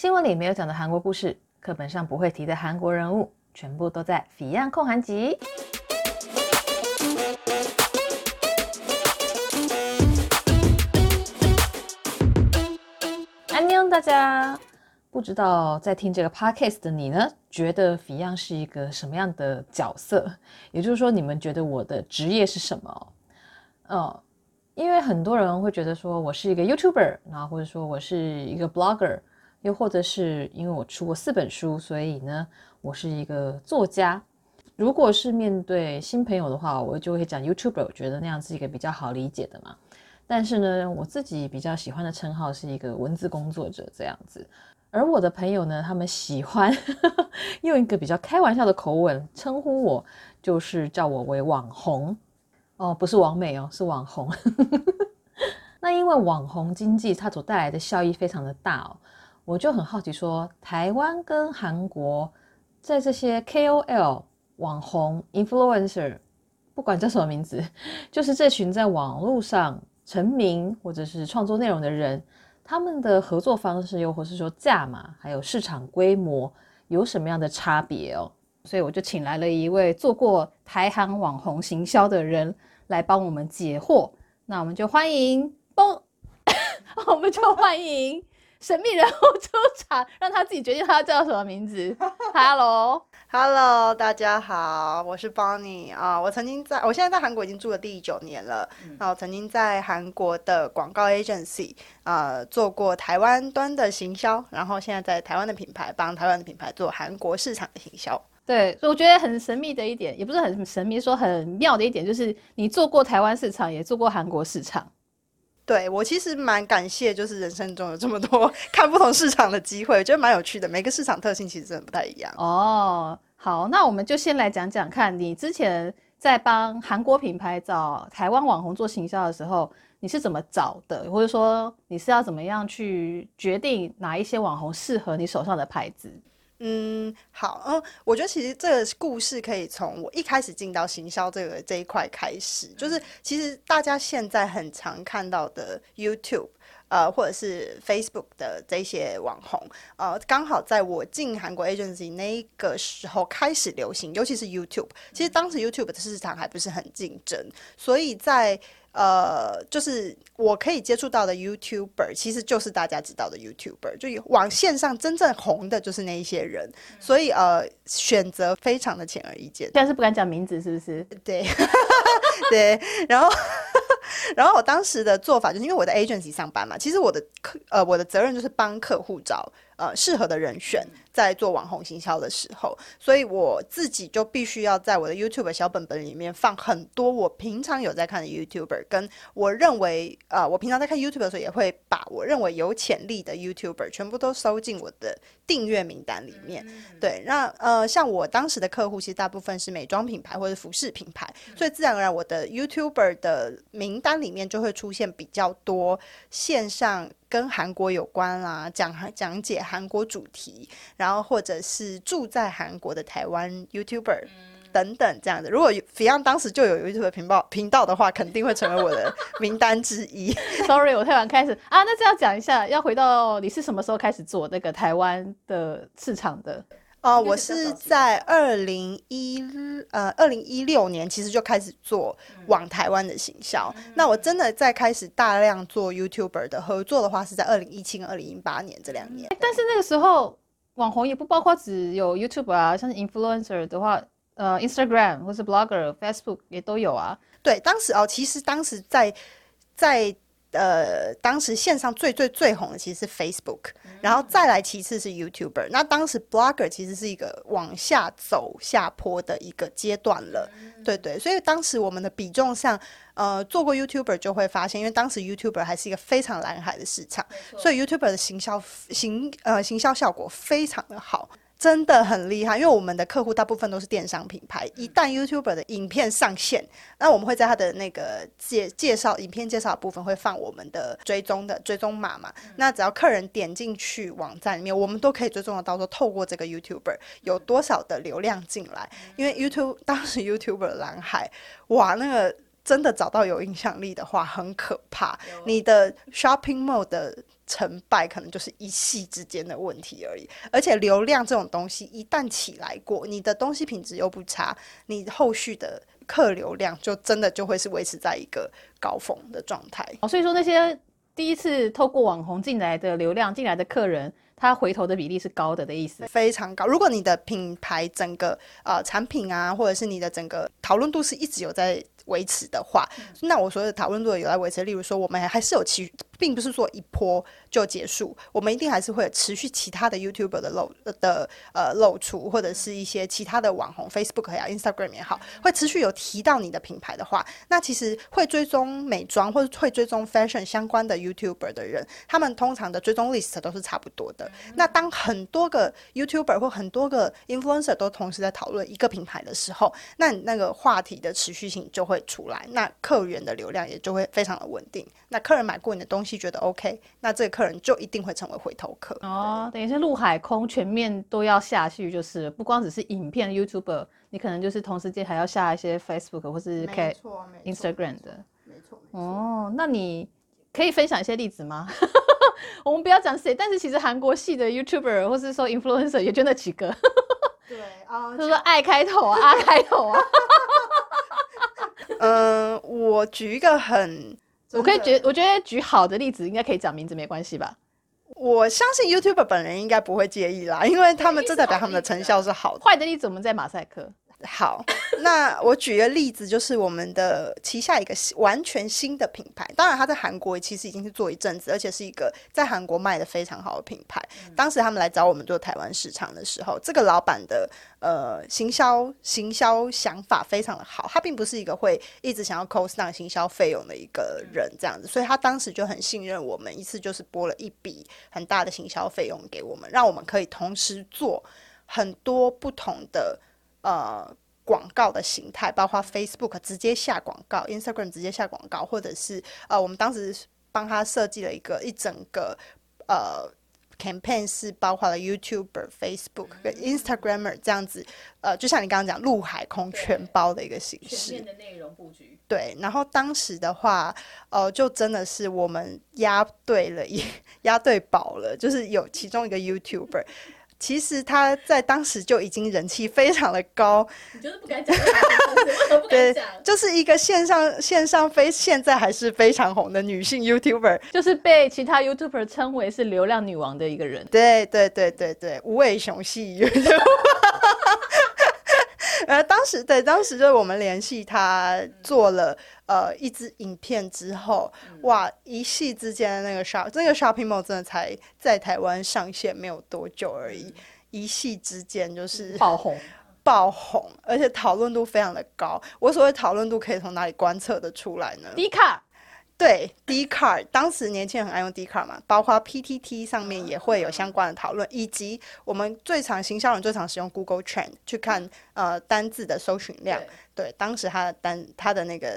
新聞裡沒有講的韓國故事，課本上不會提的韓國人物，全部都在 Fion 焢韓集。安妞，大家不知道在聽這個 podcast 的你呢，覺得 Fion 是一個什麼樣的角色？也就是說，你們覺得我的職業是什麼？哦，因為很多人會覺得說我是一個 YouTuber，然後或者說我是一個 blogger。又或者是因為我出過四本書，所以呢，我是一個作家。如果是面對新朋友的話，我就會講 YouTuber，我覺得那樣是一個比較好理解的嘛。但是呢，我自己比較喜歡的稱號是一個文字工作者這樣子。而我的朋友呢，他們喜歡呵呵用一個比較開玩笑的口吻稱呼我，就是叫我為網紅哦，不是網美哦，是網紅。 那因為網紅經濟它所帶來的效益非常的大哦。我就很好奇說，說台灣跟韓國在這些 KOL 網紅 influencer，不管叫什麼名字，就是這群在網絡上成名或者是創作內容的人，他們的合作方式，又或是說價碼，還有市場規模，有什麼樣的差別哦？所以我就請來了一位做過台韓網紅行銷的人來幫我們解惑。那我們就歡迎， 我們就歡迎。神秘人物出場，讓他自己決定他要叫什麼名字。Hello，Hello， Hello, 大家好，我是 Bonnie 啊。Uh, 我曾經在，我現在在韓國已經住了第九年了。然後、嗯 uh, 曾經在韓國的廣告 agency 啊、uh, 做過台灣端的行銷，然後現在在台灣的品牌幫台灣的品牌做韓國市場的行銷。對，所以我覺得很神秘的一點，也不是很神秘，說很妙的一點，就是你做過台灣市場，也做過韓國市場。對，我其實蠻感謝，就是人生中有這麼多看不同市場的機會，我覺得蠻有趣的。每個市場特性其實真的不太一樣。哦，好，那我們就先來講講看，你之前在幫韓國品牌找台灣網紅做行銷的時候，你是怎麼找的，或者說你是要怎麼樣去決定哪一些網紅適合你手上的牌子。嗯，好，嗯，我覺得其實這個故事可以從我一開始進到行銷這個這一塊開始，就是其實大家現在很常看到的 YouTube，呃，或者是 Facebook 的這些網紅，呃，剛好在我進韓國 Agency 那個時候開始流行，尤其是 YouTube，其實當時 YouTube 的市場還不是很競爭，所以在。呃，就是我可以接觸到的 YouTuber，其實就是大家知道的 YouTuber，就網線上真正紅的就是那一些人，所以呃，選擇非常的顯而易見。但是不敢講名字，是不是？對， 對，然後， 然後我當時的做法就是因為我在 agency 上班嘛，其實我的客呃我的責任就是幫客戶找。呃，適合的人選在做網紅行銷的時候，所以我自己就必須要在我的 YouTube 小本本裡面放很多我平常有在看的 YouTuber，跟我認為，啊、呃，我平常在看 YouTuber 的時候，也會把我認為有潛力的 YouTuber 全部都收進我的訂閱名單裡面。對，那呃，像我當時的客戶其實大部分是美妝品牌或者服飾品牌，所以自然而然我的 YouTuber 的名單裡面就會出現比較多線上，跟韓國有關啦、啊，講講解韓國主題，然後或者是住在韓國的台灣 YouTuber、嗯、等等這樣的。如果 Fion 當時就有 YouTube 頻道頻道的話，肯定會成為我的名單之一。 Sorry，我太晚開始啊，那這樣講一下，要回到你是什麼時候開始做那個台灣的市場的？哦，我是在二零一、呃，二零一六年其實就開始做往台灣的行銷，嗯、那我真的在開始大量做 YouTuber 的合作的話，是在二零一七跟二零一八年這兩年。但是那個時候網紅也不包括只有 YouTuber 啊，像 Influencer 的話，呃，Instagram 或是 Blogger、Facebook 也都有啊。對，當時哦，其實當時在在。呃，當時線上最最最紅的其實是 Facebook，然後再來其次是 YouTuber。那當時 Blogger 其實是一個往下走下坡的一個階段了，嗯，對，對對。所以當時我們的比重上，呃，做過 YouTuber 就會發現，因為當時 YouTuber 還是一個非常藍海的市場，沒錯。所以 YouTuber 的行銷行呃行銷效果非常的好。真的很厲害，因為我們的客戶大部分都是電商品牌。一旦 YouTuber 的影片上線，那我們會在他的那個介介紹影片介紹的部分會放我們的追蹤的追蹤碼嘛，那只要客人點進去網站裡面，我們都可以追蹤得到說透過這個 YouTuber 有多少的流量進來。因為 YouTube 當時 YouTuber 藍海，哇，那個真的找到有影響力的話很可怕。哦、你的 Shopping Mode。成敗可能就是一夕之間的問題而已，而且流量這種東西一旦起來過，你的東西品質又不差，你後續的客流量就真的就會是維持在一個高峰的狀態。哦，所以說那些第一次透過網紅進來的流量進來的客人，他回頭的比例是高的的意思，非常高。如果你的品牌整個啊、呃、產品啊，或者是你的整個討論度是一直有在。維持的話，那我所有的討論度有來維持。例如說，我們還是有其，並不是說一波就結束，我們一定還是會有持續其他的 YouTuber 的露的呃露出，或者是一些其他的網紅 Facebook 還有 Instagram 也好，會持續有提到你的品牌的話，那其實會追蹤美妝或者會追蹤 Fashion 相關的 YouTuber 的人，他們通常的追蹤 list 都是差不多的。那當很多個 YouTuber 或很多個 Influencer 都同時在討論一個品牌的時候，那你那個話題的持續性就會。出來，那客源的流量也就會非常的穩定。那客人買過你的東西，覺得 OK，那這個客人就一定會成為回頭客。哦，等於是陸海空全面都要下去，就是不光只是影片 YouTuber，你可能就是同時間還要下一些 Facebook 或是 at, 沒錯，沒錯 Instagram 的沒錯。沒錯沒錯，哦，那你可以分享一些例子嗎？ 我們不要講誰，但是其實韓國系的 YouTuber 或是說 Influencer 也就那幾個。 對啊，呃、就是說愛開頭啊，就是、啊開頭啊。對 嗯、 呃，我舉一個很，我可以覺，的我覺得舉好的例子應該可以講名字沒關係吧？我相信 YouTuber 本人應該不會介意啦，因為他們這代表他們的成效是好的。壞的、啊、的例子我們在馬賽克。 好，那我舉個例子，就是我們的旗下一個完全新的品牌，當然它在韓國其實已經是做一陣子，而且是一個在韓國賣得非常好的品牌。嗯、當時他們來找我們做台灣市場的時候，這個老闆的呃行銷行銷想法非常的好，他並不是一個會一直想要 cost down 行銷費用的一個人這樣子，所以他當時就很信任我們，一次就是撥了一筆很大的行銷費用給我們，讓我們可以同時做很多不同的。呃，廣告的形態，包括 Facebook 直接下廣告，Instagram 直接下廣告，或者是呃，我們當時幫他設計了一個一整個呃 campaign，是包括了 YouTuber、嗯、Facebook 跟 Instagrammer 這樣子，呃，就像你剛剛講陸海空全包的一個形式。對全面的內容布局。對，然後當時的話，呃，就真的是我們押對了，押對寶了，就是有其中一個 YouTuber。 其實他在當時就已經人氣非常的高， 你就是不該講，哈哈哈哈哈！對，就是一個線上線上非現在還是非常紅的女性 YouTuber，就是被其他 YouTuber 稱為是流量女王的一個人，對對對對對，無尾熊系 YouTuber。 呃，當時對，當時就是我們聯繫他做了，嗯、呃一支影片之後，嗯、哇，一夕之間的那個 shop，那個 shopping mall 真的才在台灣上線沒有多久而已，嗯、一夕之間就是爆紅、爆紅，而且討論度非常的高。我所謂討論度可以從哪裡觀測得出來呢？迪卡。對，Dcard、嗯、當時年輕人很愛用 Dcard 嘛，包括 PTT 上面也會有相關的討論，嗯、以及我們最常行銷人最常使用 Google Trend 去看、嗯、呃單字的搜尋量。對，對，當時他的單他的那個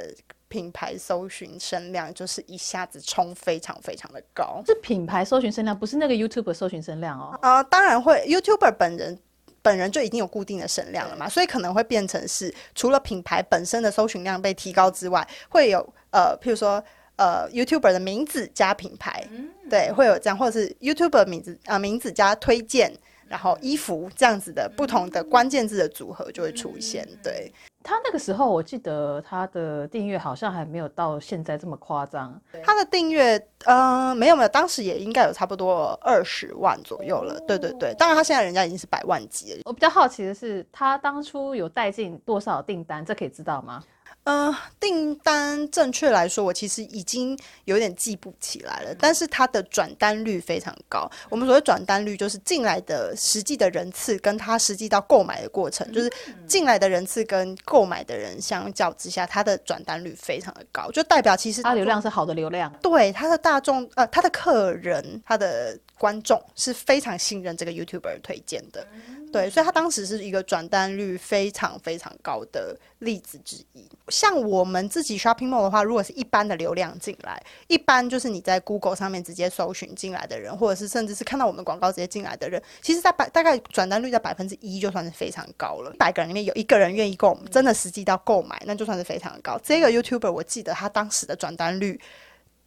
品牌搜尋聲量就是一下子衝非常非常的高。是品牌搜尋聲量，不是那個 YouTuber 搜尋聲量哦。啊、呃，當然會，YouTuber 本人本人就已經有固定的聲量了嘛，對所以可能會變成是除了品牌本身的搜尋量被提高之外，會有呃，譬如說。呃，YouTuber 的名字加品牌，嗯、對，會有這樣，或者是 YouTuber 名字啊、呃，名字加推薦，然後衣服這樣子的不同的關鍵字的組合就會出現。對。他那個時候，我記得他的訂閱好像還沒有到現在這麼誇張。他的訂閱，嗯、呃，沒有沒有，當時也應該有差不多二十萬左右了。哦、對對對，當然他現在人家已經是百萬級了。我比較好奇的是，他當初有帶進多少訂單，這可以知道嗎？嗯，訂、呃、單，正確來說，我其實已經有點記不起來了。嗯、但是它的轉單率非常高。嗯、我們所謂轉單率，就是進來的實際的人次，跟他實際到購買的過程，嗯、就是進來的人次跟購買的人相較之下，他的轉單率非常的高，就代表其實他、啊、流量是好的流量。對，他的大眾呃，他的客人、他的觀眾是非常信任這個 YouTuber 推薦的。嗯、對，所以他當時是一個轉單率非常非常高的。例子之一，像我們自己 shopping mall 的話，如果是一般的流量進來，一般就是你在 Google 上面直接搜尋進來的人，或者是甚至是看到我們廣告直接進來的人，其實，在百大概轉單率在百分之一就算是非常高了。一百個人裡面有一個人願意購我們真的實際到購買，那就算是非常高。這個 YouTuber 我記得他當時的轉單率，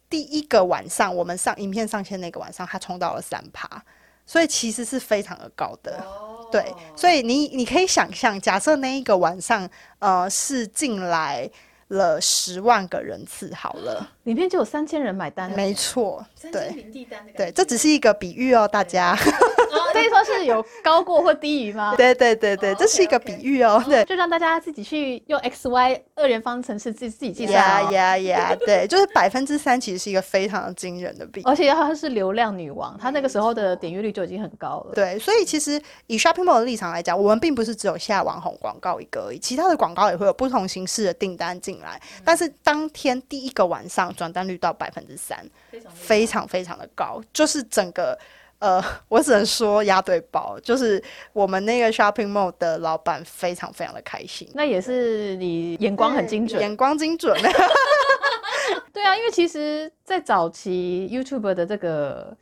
第一個晚上我們上影片上線那個晚上，他衝到了三趴。所以其實是非常的高的，oh. 對。所以你你可以想象，假設那一個晚上，呃，是進來了十萬個人次，好了，裡面就有三千人買單，沒錯，三千名的單，對，對，這只是一個比喻哦、喔，大家。對 可、哦、以說是有高過或低於嗎？ 對對對對，哦、這是一個比喻哦。哦 okay, okay 對，就讓大家自己去用 x y 二元方程式自己自己計算、哦。呀呀、yeah, yeah, yeah, 對， 就是百分之三其實是一個非常驚人的比喻。而且她是流量女王，她、嗯、那個時候的點閱率就已經很高了。沒錯、對，所以其實以 Shopping Mall 的立場來講，我們並不是只有下網紅廣告一個而已，其他的廣告也會有不同形式的訂單進來。嗯、但是當天第一個晚上轉單率到百分之三，非常，非常非常的高，就是整個。呃，我只能說押對寶，就是我們那個 shopping mall 的老闆非常非常的開心。那也是你眼光很精準，嗯、眼光精準。 對啊，因為其實，在早期 YouTuber 的這個，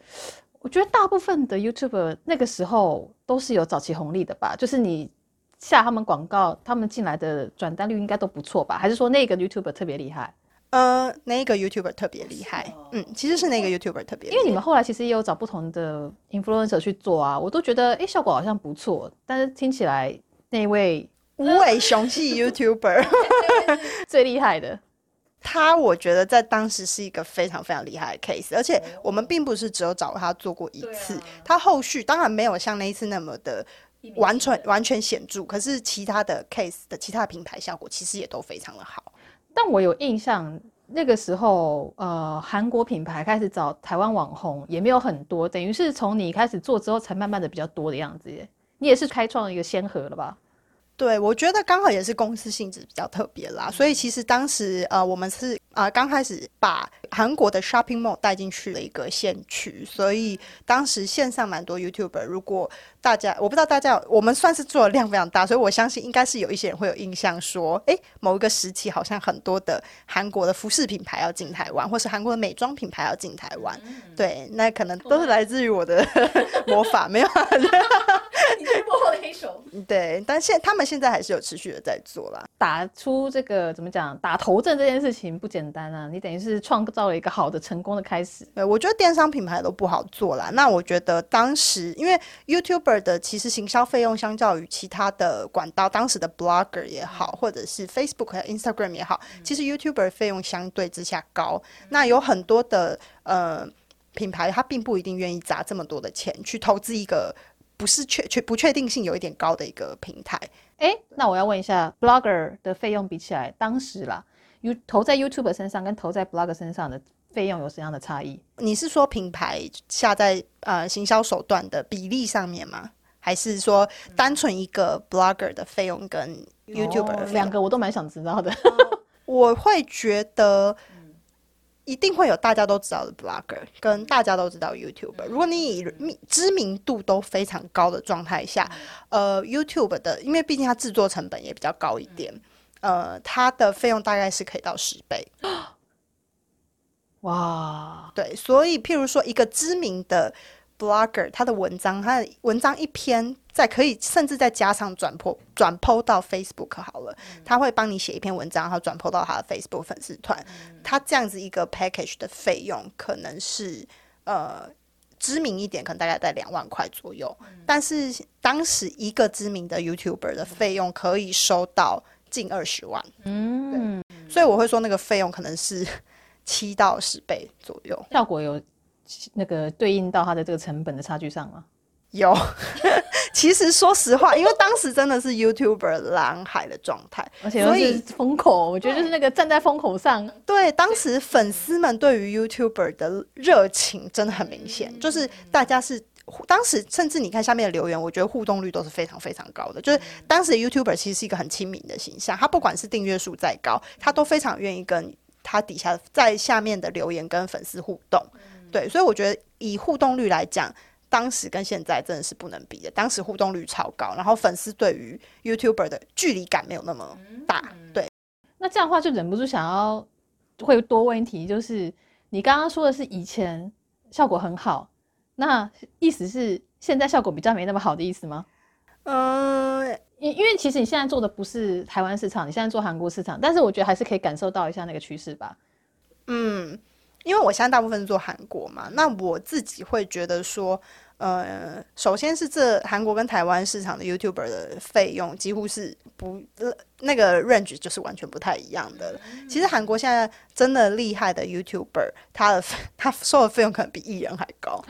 我覺得大部分的 YouTuber 那個時候都是有早期紅利的吧，就是你下他們廣告，他們進來的轉單率應該都不錯吧？還是說那個 YouTuber 特別厲害？呃，那一個 YouTuber 特別厲害。哦、嗯，其實是那個 YouTuber 特別，因為你們後來其實也有找不同的 influencer 去做啊，我都覺得哎、欸、效果好像不錯，但是聽起來那位無尾、呃、雄氣 YouTuber 最厲害的，他我覺得在當時是一個非常非常厲害的 case，而且我們並不是只有找他做過一次，啊、他後續當然沒有像那一次那麼的完全的完全顯著，可是其他的 case 的其他的品牌效果其實也都非常的好。但我有印象，那個時候，呃，韓國品牌開始找台灣網紅也沒有很多，等於是從你開始做之後，才慢慢的比較多的樣子耶。你也是開創一個先河了吧？對，我覺得剛好也是公司性質比較特別啦，所以其實當時，呃，我們是。啊，剛、呃、開始把韓國的 shopping mall 帶進去了一個縣區，所以當時線上蠻多 YouTuber，如果大家，我不知道大家，我們算是做的量非常大，所以我相信應該是有一些人會有印象說，說、欸，某一個時期好像很多的韓國的服飾品牌要進台灣，或是韓國的美妝品牌要進台灣。嗯嗯，對，那可能都是來自於我的魔法，沒有？ 你是幕後黑手？對，但現他們現在還是有持續的在做啦，打出這個怎麼講，打頭陣，這件事情不簡。簡單啊，你等於是創造了一個好的成功的開始。對，我覺得電商品牌都不好做啦。那我覺得當時，因為 YouTuber 的其實行銷費用相較於其他的管道，當時的 Blogger 也好，或者是 Facebook 和 Instagram 也好，嗯、其實 YouTuber 費用相對之下高。嗯、那有很多的呃品牌，他並不一定願意砸這麼多的錢去投資一個不是確確不確定性有一點高的一個平台。哎、欸，那我要問一下 Blogger 的費用比起來，當時啦。u 投在 YouTube 身上跟投在 Blogger 身上的費用有什麼樣的差異？你是說品牌下在呃行銷手段的比例上面嗎？還是說單純一個 Blogger 的費用跟 YouTube 兩、哦、個我都蠻想知道的、哦。 我會覺得一定會有大家都知道的 Blogger 跟大家都知道 YouTube。如果你以知名度都非常高的狀態下，呃，YouTube 的，因為畢竟它制作成本也比較高一點。嗯呃，他的費用大概是可以到十倍。哇，對，所以譬如說一個知名的 blogger，他的文章，他的文章一篇，再可以甚至再加上轉 po，轉 po 到 Facebook 好了，嗯、他會幫你寫一篇文章，然後轉 po 到他的 Facebook 粉絲團。嗯、他這樣子一個 package 的費用可能是呃知名一點，可能大概在兩萬塊左右。嗯、但是當時一個知名的 YouTuber 的費用可以收到。近二十萬，對。嗯、所以我會說那個費用可能是七到十倍左右。效果有那個對應到他的這個成本的差距上嗎？有， 其實說實話， 因為當時真的是 YouTuber 藍海的狀態，而且都是風口，所以，對，我覺得就是那個站在風口上。對，當時粉絲們對於 YouTuber 的熱情真的很明顯，嗯、就是大家是。當時甚至你看下面的留言，我覺得互動率都是非常非常高的。就是當時的 YouTuber 其實是一個很親民的形象，他不管是訂閱數再高，他都非常願意跟他底下在下面的留言跟粉絲互動。對，所以我覺得以互動率來講，當時跟現在真的是不能比的。當時互動率超高，然後粉絲對於 YouTuber 的距離感沒有那麼大。對，那這樣的話就忍不住想要會多問一題，就是你剛剛說的是以前效果很好。那意思是現在效果比較沒那麼好的意思嗎？嗯，因因為其實你現在做的不是台灣市場，你現在做韓國市場，但是我覺得還是可以感受到一下那個趨勢吧。嗯，因為我現在大部分是做韓國嘛，那我自己會覺得說。呃，首先是這韓國跟台灣市場的 YouTuber 的費用幾乎是不，那個 range 就是完全不太一樣的。其實韓國現在真的厲害的 YouTuber，他的他收的費用可能比藝人還高，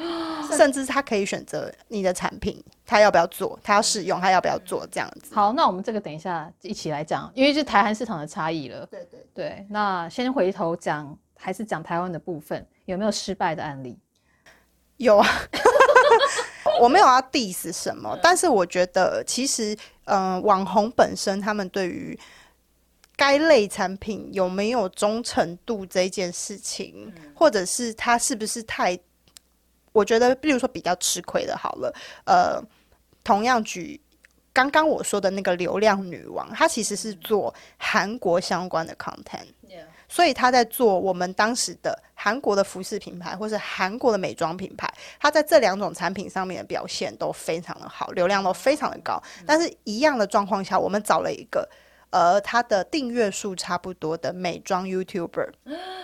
是甚至他可以選擇你的產品，他要不要做，他要試用，他要不要做這樣子。好，那我們這個等一下一起來講，因為就是台韓市場的差異了。對對對，對，那先回頭講，還是講台灣的部分，有沒有失敗的案例？有啊。 我沒有要 diss 什麼，嗯、但是我覺得其實，嗯、呃，網紅本身他們對於該類產品有沒有忠誠度這件事情，嗯、或者是他是不是太，我覺得，比如說比較吃虧的，好了，呃，同樣舉剛剛我說的那個流量女王，她其實是做韓國相關的 content，嗯所以他在做我們當時的韓國的服飾品牌，或是韓國的美妝品牌，他在這兩種產品上面的表現都非常的好，流量都非常的高。但是，一樣的狀況下，我們找了一個呃，他的訂閱數差不多的美妝 YouTuber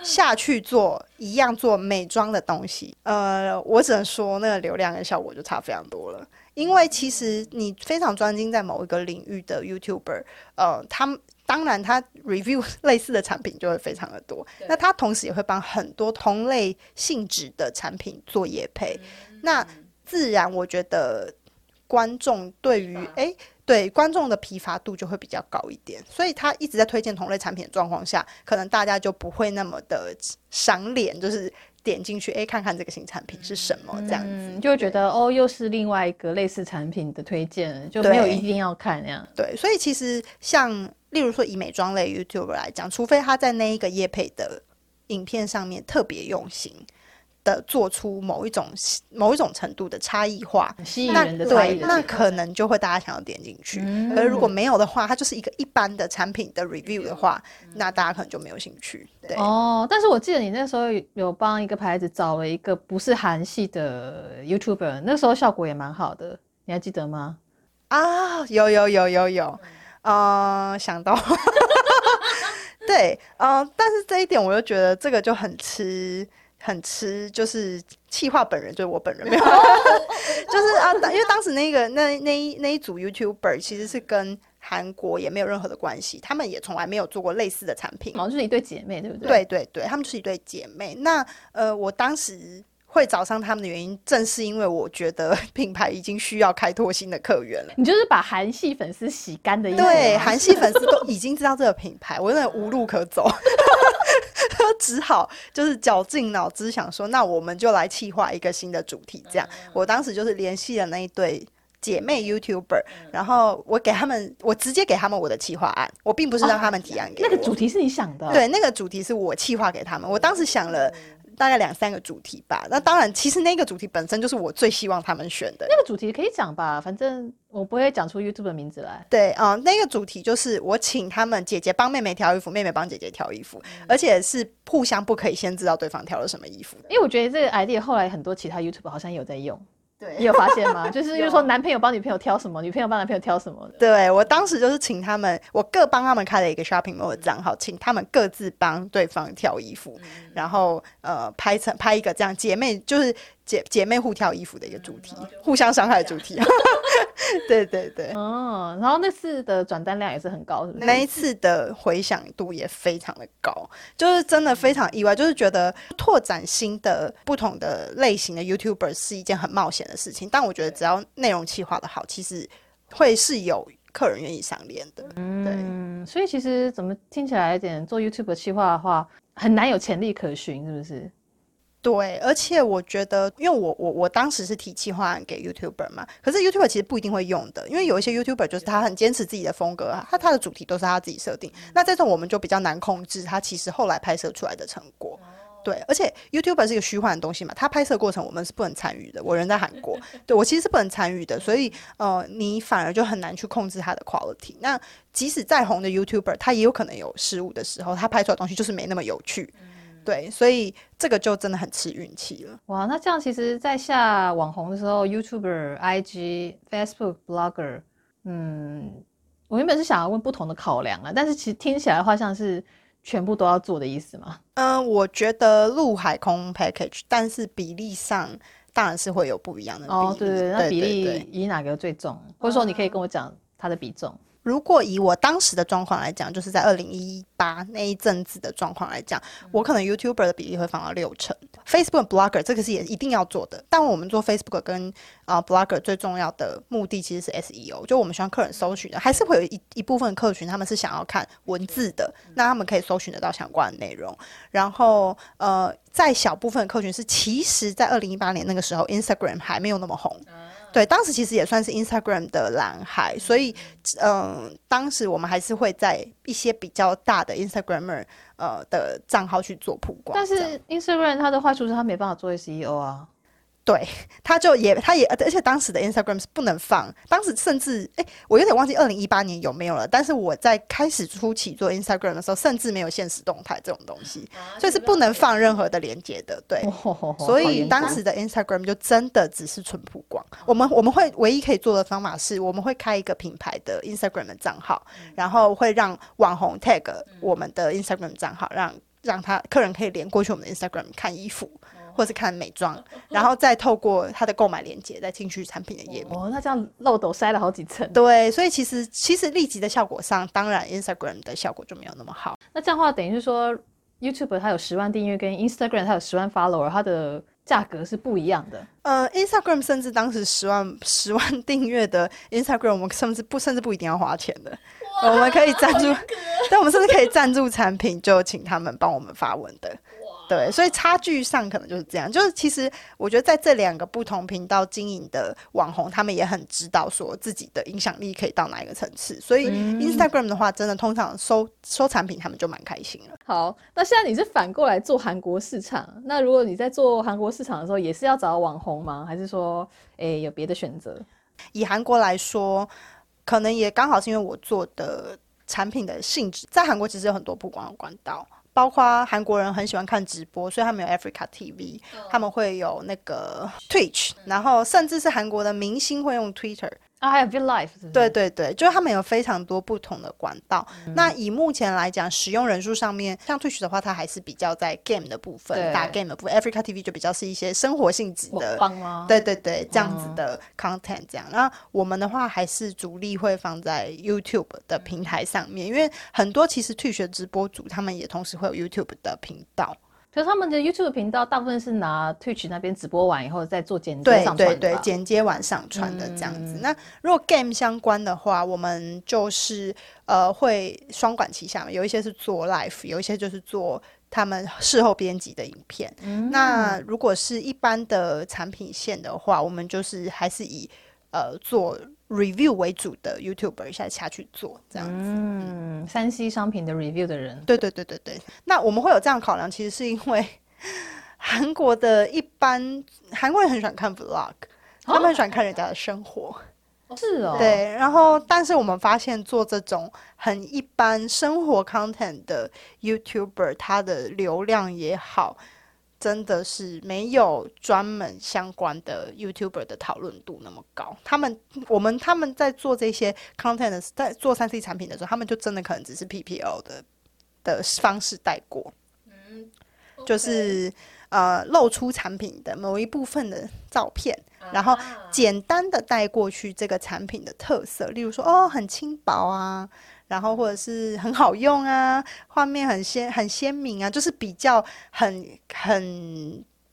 下去做一樣做美妝的東西，呃，我只能說那個流量跟效果就差非常多了。因為其實你非常專精在某一個領域的 YouTuber，呃，他們。當然，它 review 類似的產品就會非常的多。對那它同時也會幫很多同類性質的產品做業配。嗯、那自然，我覺得觀眾對於哎乏、欸，對觀眾的疲乏度就會比較高一點。所以，他一直在推薦同類產品的狀況下，可能大家就不會那麼的賞臉，就是點進去哎、欸，看看這個新產品是什麼這樣子，嗯、就會覺得對哦，又是另外一個類似產品的推薦，就沒有一定要看那樣。對，對，所以其實像。例如說，以美妝類 YouTuber 來講，除非他在那一個業配的影片上面特別用心的做出某一種某一種程度的差異化，吸引人的差異化，那，對對那可能就會大家想要點進去。而、嗯、如果沒有的話，它就是一個一般的產品的 review 的話，嗯、那大家可能就沒有興趣。對哦，但是我記得你那時候有幫一個牌子找了一個不是韓系的 YouTuber，那時候效果也蠻好的，你還記得嗎？啊、哦，有有有有有。嗯、呃，想到， 對，嗯、呃，但是這一點我就覺得這個就很吃，很吃，就是企劃本人，就是我本人沒有， 就是啊、呃，因為當時那個那那一那一組 YouTuber 其實是跟韓國也沒有任何的關係，他們也從來沒有做過類似的產品，好像、哦，就是一對姐妹，對不對？對對對，他們是一對姐妹。那呃，我當時。會找上他們的原因，正是因為我覺得品牌已經需要開拓新的客源了。你就是把韓系粉絲洗乾的意思嗎？對，韓系粉絲都已經知道這個品牌， 我真的無路可走， 只好就是絞盡腦汁想說，那我們就來企劃一個新的主題。這樣，嗯、我當時就是聯繫了那一對姐妹 YouTuber，、嗯、然後我給他們，我直接給他們我的企劃案。我並不是讓他們提案給、哦、那個主題是你想的，對，那個主題是我企劃給他們。我當時想了。嗯大概兩三個主題吧，那當然，其實那個主題本身就是我最希望他們選的。那個主題可以講吧，反正我不會講出 YouTube 的名字來。對，啊、呃，那個主題就是我請他們姐姐幫妹妹挑衣服，妹妹幫姐姐挑衣服，嗯、而且是互相不可以先知道對方挑了什麼衣服的。因為我覺得這個 idea 後來很多其他 YouTuber 好像也有在用。對，你有發現嗎？就是，就是說，男朋友幫女朋友挑什麼，有女朋友幫男朋友挑什麼的。對，我當時就是請他們，我各幫他們開了一個 shopping mall 的賬號，嗯、請他們各自幫對方挑衣服，嗯、然後呃拍成拍一個這樣姐妹就是。姐姐妹互挑衣服的一個主題，嗯、互相傷害的主題。 對對對，哦，然後那次的轉單量也是很高，是不是？那一次的回響度也非常的高，就是真的非常意外，嗯、就是覺得拓展新的不同的類型的 YouTuber 是一件很冒險的事情，但我覺得只要內容企劃得好，其實會是有客人願意上臉的。對嗯，所以其實怎麼聽起來一點做 YouTuber 企劃的話，很難有潛力可循，是不是？對，而且我覺得，因為我我我當時是提企劃給 YouTuber 嘛，可是 YouTuber 其實不一定會用的，因為有一些 YouTuber 就是他很堅持自己的風格，他他的主題都是他自己設定，嗯、那這種我們就比較難控制他其實後來拍攝出來的成果。嗯、對，而且 YouTuber 是一個虛幻的東西嘛，他拍攝過程我們是不能參與的，我人在韓國， 對，我其實是不能參與的，所以呃，你反而就很難去控制他的 quality。那即使再紅的 YouTuber，他也有可能有失誤的時候，他拍出來的東西就是沒那麼有趣。嗯對，所以這個就真的很吃運氣了。哇，那這樣其實，在下網紅的時候，YouTuber、IG、Facebook、Blogger，嗯，我原本是想要問不同的考量啊，但是其實聽起來的話，像是全部都要做的意思嗎？嗯，我覺得陸海空 package，但是比例上當然是會有不一樣的。哦，對,對對，那比例以哪個最重？嗯、或者說你可以跟我講它的比重。如果以我當時的狀況來講，就是在二零一八那一陣子的狀況來講，我可能 YouTuber 的比例會放到六成。嗯、Facebook Blogger 這個是也一定要做的。但我們做 Facebook 跟啊、呃、Blogger 最重要的目的其實是 SEO，就我們希望客人搜尋的，嗯、還是會有一一部分客群他們是想要看文字的，嗯、那他們可以搜尋得到相關的內容。然後呃，在小部分客群是其實在二零一八年那個時候，Instagram 還沒有那麼紅。嗯對，當時其實也算是 Instagram 的藍海，所以，嗯、呃，當時我們還是會在一些比較大的 Instagramer 呃的賬號去做曝光。但是樣 Instagram 它的壞處是它沒辦法做 SEO 啊。對，他就也，他也，而且當時的 Instagram 是不能放，當時甚至，哎，我有點忘記二零一八年有沒有了，但是我在開始初期做 Instagram 的時候，甚至沒有限時動態這種東西，啊、所以是不能放任何的連接的。對，哦哦哦、所以當時的 Instagram 就真的只是純曝光、哦哦我。我們我們會唯一可以做的方法是，我們會開一個品牌的 Instagram 賬號，嗯、然後會讓網紅 tag 我們的 Instagram 賬號，嗯、讓讓他客人可以連過去我們的 Instagram 看衣服。或是看美妝，然後再透過他的購買鏈接再進去產品的頁面。哦，那這樣漏斗塞了好幾層。對，所以其實其實立即的效果上，當然 Instagram 的效果就沒有那麼好。那這樣的話，等於是說，YouTuber 他有十萬訂閱，跟 Instagram 它有十萬 follower，他的價格是不一樣的。呃，Instagram 甚至當時十萬十萬訂閱的 Instagram，我們甚至不甚至不一定要花錢的，哇我們可以贊助，但格我們甚至可以贊助產品， 就請他們幫我們發文的。對，所以差距上可能就是這樣。就是其實我覺得在這兩個不同頻道經營的網紅，他們也很知道說自己的影響力可以到哪一個層次。所以 Instagram 的話，真的通常收收產品，他們就蠻開心了。嗯、好，那現在你是反過來做韓國市場，那如果你在做韓國市場的時候，也是要找網紅嗎？還是說，哎，有別的選擇？以韓國來說，可能也剛好是因為我做的產品的性質，在韓國其實有很多曝光的管道。包括韓國人很喜歡看直播，所以他們有 Africa TV，他們會有那個 Twitch，然後甚至是韓國的明星會用 Twitter。啊，還有 V Live 對對對，就是他們有非常多不同的管道。嗯、那以目前來講，使用人數上面，像 Twitch 的話，它還是比較在 Game 的部分，打對 Game 的部分。Africa TV 就比較是一些生活性質的，啊、對對對，這樣子的 content 這樣。那、嗯、我們的話，還是主力會放在 YouTube 的平台上面，因為很多其實 Twitch 直播主他們也同時會有 YouTube 的頻道。可是他們的 YouTube 頻道大部分是拿 Twitch 那邊直播完以後再做剪接上傳的，對對對，剪接完上傳的這樣子。嗯、那如果 Game 相關的話，我們就是呃會雙管齊下嘛，有一些是做 Live，有一些就是做他們事後編輯的影片。嗯、那如果是一般的產品線的話，我們就是還是以呃做。Review 為主的 YouTuber 一下下去做這樣子，嗯，三 C 商品的 Review 的人，對對對對對。那我們會有這樣考量，其實是因為韓國的一般，韓國人很喜歡看 Vlog，他們很喜歡看人家的生活，是哦，對。然後，但是我們發現做這種很一般生活 Content 的 YouTuber，他的流量也好。真的是沒有專門相關的 YouTuber 的討論度那麼高。他們、我們、他們在做這些 content 在做三 C 產品的時候，他們就真的可能只是 PPO 的的方式帶過，嗯、就是 Okay. 呃露出產品的某一部分的照片，然後簡單的帶過去這個產品的特色，例如說哦很輕薄啊。然後，或者是很好用啊，畫面很鮮很鮮明啊，就是比較很很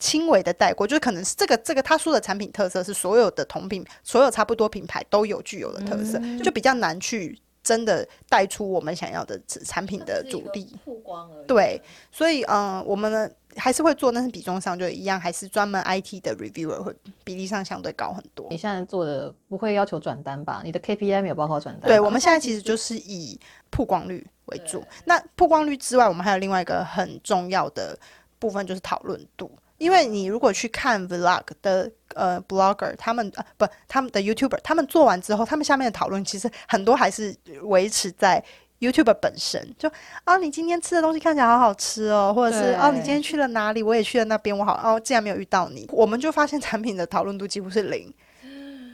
輕微的帶過，就是可能是這個這個他說的產品特色是所有的同品、所有差不多品牌都有具有的特色，嗯、就比較難去。真的帶出我們想要的產品的主力、曝光，對，所以嗯、呃，我們還是會做，但是比重上就一樣，還是專門 IT 的 reviewer 會比例上相對高很多。你現在做的不會要求轉單吧？你的 KPI 沒有包括轉單？對，我們現在其實就是以曝光率為主。對那曝光率之外，我們還有另外一個很重要的部分，就是討論度。因為你如果去看 Vlog 的呃 Blogger，他們呃、啊、不他們的 YouTuber，他們做完之後，他們下面的討論其實很多還是維持在 YouTuber 本身，就啊你今天吃的東西看起來好好吃哦，或者是哦對、啊、你今天去了哪裡，我也去了那邊，我好哦、啊、竟然沒有遇到你。我們就發現產品的討論度幾乎是零，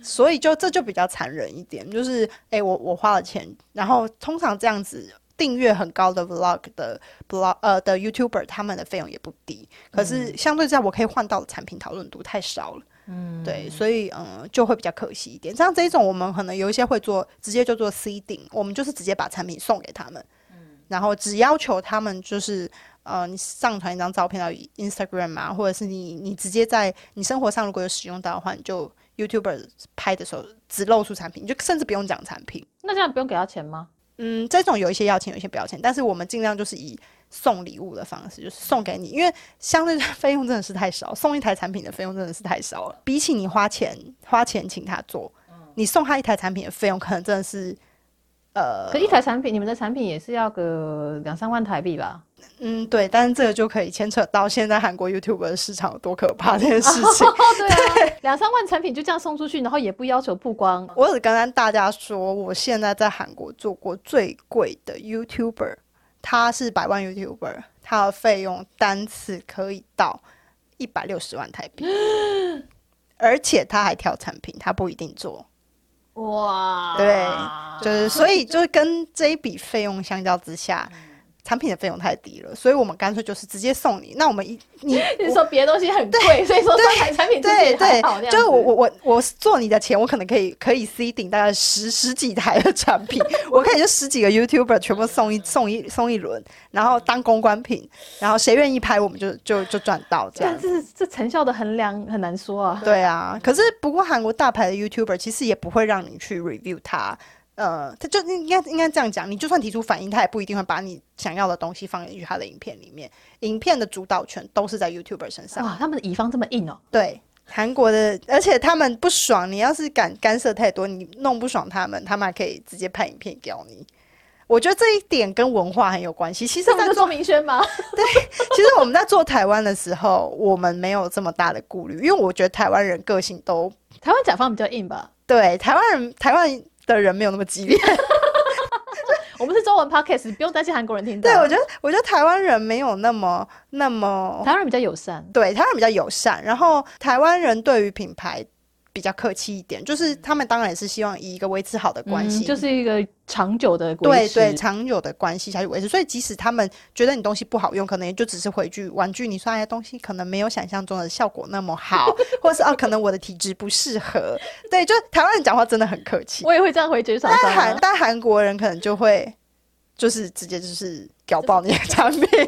所以就這就比較殘忍一點，就是哎、欸、我我花了錢，然後通常這樣子。訂閱很高的 Vlog 的 blog 呃的 YouTuber，他們的費用也不低，可是相對在我可以換到的產品討論度太少了，嗯，對，所以嗯、呃、就會比較可惜一點。像這種，我們可能有一些會做直接就做 seeding，我們就是直接把產品送給他們，嗯、然後只要求他們就是呃你上傳一張照片到 Instagram 嘛、啊，或者是你你直接在你生活上如果有使用到的話，你就 YouTuber 拍的時候只露出產品，你就甚至不用講產品。那這樣不用給他錢嗎？嗯，這種有一些要錢，有一些不要錢，但是我們盡量就是以送禮物的方式，就是送給你，因為相對費用真的是太少，送一台產品的費用真的是太少了，比起你花錢花錢請他做，你送他一台產品的費用可能真的是，呃，可一台產品，你們的產品也是要個兩三萬台幣吧。嗯，對，但是這個就可以牽扯到現在韓國 YouTuber 市場有多可怕這件事情。啊對啊，對，兩三萬產品就這樣送出去，然後也不要求曝光。我只跟大家說，我現在在韓國做過最貴的 YouTuber，他是百萬 YouTuber，他的費用單次可以到一百六十萬台幣，嗯、而且他還挑產品，他不一定做。哇，對，就是所以就是跟這一筆費用相較之下。產品的費用太低了，所以我們乾脆就是直接送你。那我們一你你說別的東西很貴，對所以說這台產品產品直接就是我我我我做你的錢，我可能可以可以 C 頂大概十十幾台的產品， 我可以就十幾個 YouTuber 全部送一送一送一輪，然後當公關品，然後誰願意拍我們就就就賺到這樣。這是這成效的衡量，很難說啊。對啊，可是不過韓國大牌的 YouTuber 其實也不會讓你去 review 它。呃，他就應應該應該這樣講，你就算提出反應，他也不一定會把你想要的東西放進去他的影片裡面。影片的主導權都是在 YouTuber 身上。哇、哦，他們的乙方這麼硬哦？對，韓國的，而且他們不爽，你要是敢干涉太多，你弄不爽他們，他們還可以直接拍影片給你。我覺得這一點跟文化很有關係。其實我們在做明軒嗎？ 對，其實我們在做台灣的時候，我們沒有這麼大的顧慮，因為我覺得台灣人個性都台灣甲方比較硬吧？對，台灣人，台灣。的人沒有那麼激烈，我們是中文 Podcast，不用擔心韓國人聽到。對，我覺得，我覺得台灣人沒有那麼那麼，台灣人比較友善，對，台灣人比較友善，然後台灣人對於品牌。比較客氣一點，就是他們當然也是希望以一個維持好的關係、嗯，就是一個長久的對對長久的關係下去維持。所以即使他們覺得你東西不好用，可能也就只是回句玩具，你說下、哎、東西可能沒有想象中的效果那麼好， 或者是哦、啊、可能我的體質不適合， 對，就是台灣人講話真的很客氣，我也會這樣回絕、啊。但韓但韓國人可能就會就是直接就是屌爆你的產品，哎、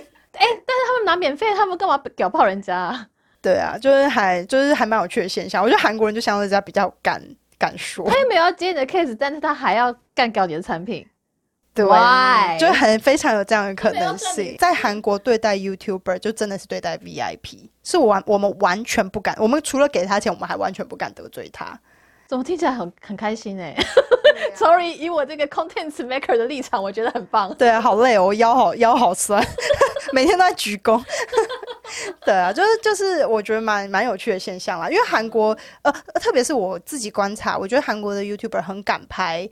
欸，但是他們拿免費，他們幹嘛屌爆人家啊？對啊，就是還就是還蠻有趣的現象。我覺得韓國人就相對比較比較敢敢說。他也沒有要接你的 case，但是他還要幹掉你的產品。對，Why? 就很非常有這樣的可能性。能在韓國對待 YouTuber 就真的是對待 VIP，是我完，我們完全不敢，我們除了給他錢，我們還完全不敢得罪他。怎麼聽起來很很開心呢？欸、 s,、啊、Sorry，以我這個 contents maker 的立場，我覺得很棒。對啊，好累、哦，我腰好腰好酸， 每天都在鞠躬。 對啊，就是就是，我覺得蠻蠻有趣的現象啦。因為韓國呃，呃，特別是我自己觀察，我覺得韓國的 YouTuber 很敢拍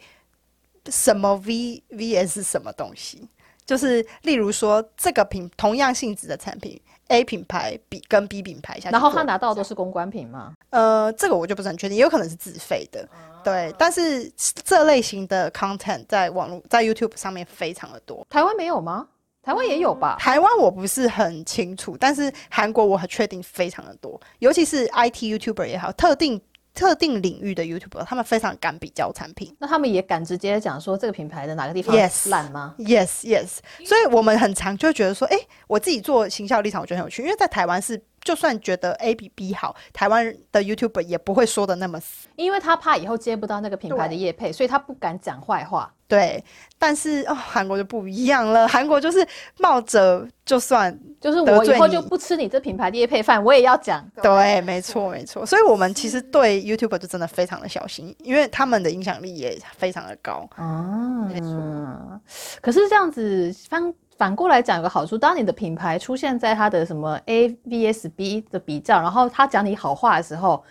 什麼 V V S 什麼東西，就是例如說這個品同樣性質的產品 A 品牌比跟 B 品牌下，下，然後他拿到的都是公關品嗎？呃，這個我就不是很確定，也有可能是自費的。啊，對，但是這類型的 content 在網絡在 YouTube 上面非常的多，台灣沒有嗎？台灣也有吧？台灣我不是很清楚，但是韓國我很確定，非常的多，尤其是 IT YouTuber 也好，特定特定領域的 YouTuber，他們非常敢比較產品。那他們也敢直接講說這個品牌的哪個地方爛嗎？Yes, Yes, yes。所以我們很常就會覺得說，誒、欸，我自己做行銷立場，我覺得很有趣，因為在台灣是，就算覺得 A 比 B, B 好，台灣的 YouTuber 也不會說的那麼死，因為他怕以後接不到那個品牌的業配，對所以他不敢講壞話。對，但是哦，韓國就不一樣了。韓國就是冒着就算就是我以後就不吃你這品牌的業配飯，我也要講。對，沒錯，沒錯。所以，我們其實對 YouTuber 就真的非常的小心，是因為他們的影響力也非常的高。啊、嗯，沒錯錯。可是這樣子反反過來講，有個好處，當你的品牌出現在他的什麼 A VS B 的比較，然後他講你好話的時候，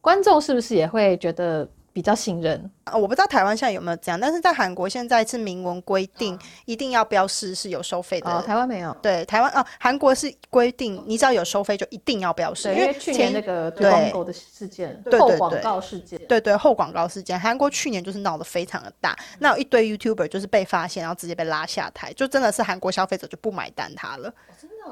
觀眾是不是也會覺得？比較信任，哦，我不知道台灣現在有沒有這樣，但是在韓國現在是明文規定一定要標示是有收費的，嗯。哦，台灣沒有。對，台灣哦，韓國是規定，你只要有收費就一定要標示。因為去年那個廣告的事件，後廣告事件，對對，對後廣告事件，韓國去年就是鬧得非常的大，那有一堆 YouTuber 就是被發現，然後直接被拉下台，就真的是韓國消費者就不買單他了。哦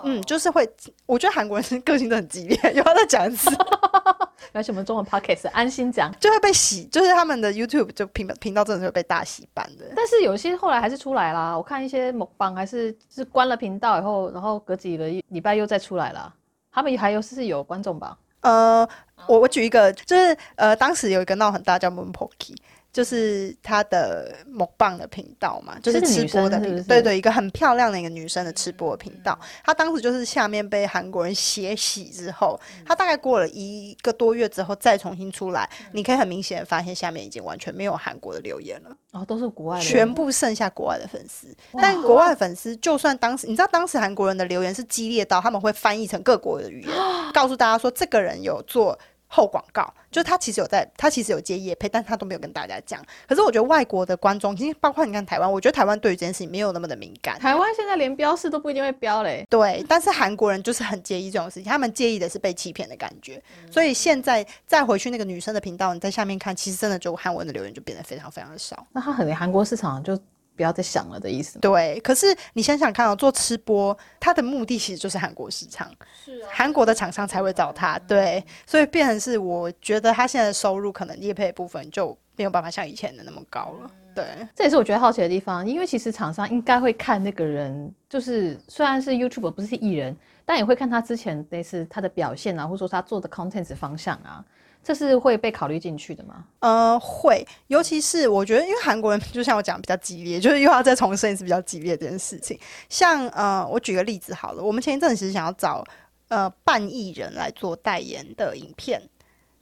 嗯，就是會，我覺得韓國人個性都很激烈，有他在講什麼，而且 我們中文 Podcast 安心講，就會被洗，就是他們的 YouTube 就頻頻道真的是會被大洗版的。但是有些後來還是出來啦，我看一些某榜還是是關了頻道以後，然後隔幾個禮拜又再出來啦。他們還有是有觀眾吧？呃，我我舉一個，就是呃，當時有一個鬧很大叫 Moon Pocky。就是他的某棒的頻道嘛，就是吃播的頻道，是是對對，一個很漂亮的一個女生的吃播的頻道。她、嗯、當時就是下面被韓國人血洗之後，她、嗯、大概過了一個多月之後再重新出來，嗯、你可以很明顯的發現下面已經完全沒有韓國的留言了，哦，都是國外，全部剩下國外的粉絲。哦、但國外的粉絲就算當時，你知道當時韓國人的留言是激烈到他們會翻譯成各國的語言，哦、告訴大家說這個人有做。後廣告就他其實有在，他其實有接業配，但他都沒有跟大家講。可是我覺得外國的觀眾，其實包括你看台灣，我覺得台灣對於這件事情沒有那麼的敏感。台灣現在連標示都不一定會標嘞。對，但是韓國人就是很介意這種事情，他們介意的是被欺騙的感覺。嗯、所以現在再回去那個女生的頻道，你在下面看，其實真的就韓文的留言就變得非常非常的少。那他很能韓國市場就。不要再想了的意思。對，可是你想想看啊、喔，做吃播，他的目的其實就是韓國市場，是啊，韓國的廠商才會找他，嗯、對，所以變成是我覺得他現在的收入可能業配部分就沒有辦法像以前的那麼高了。嗯、對，這也是我覺得好奇的地方，因為其實廠商應該會看那個人，就是雖然是 YouTuber 不是藝人，但也會看他之前類似他的表現啊，或者說他做的 contents 方向啊。這是會被考慮進去的嗎？呃，會，尤其是我覺得，因為韓國人就像我講的比較激烈，就是又要再重申一次比較激烈的這件事情。像呃，我舉個例子好了，我們前一陣子其實想要找呃半藝人來做代言的影片。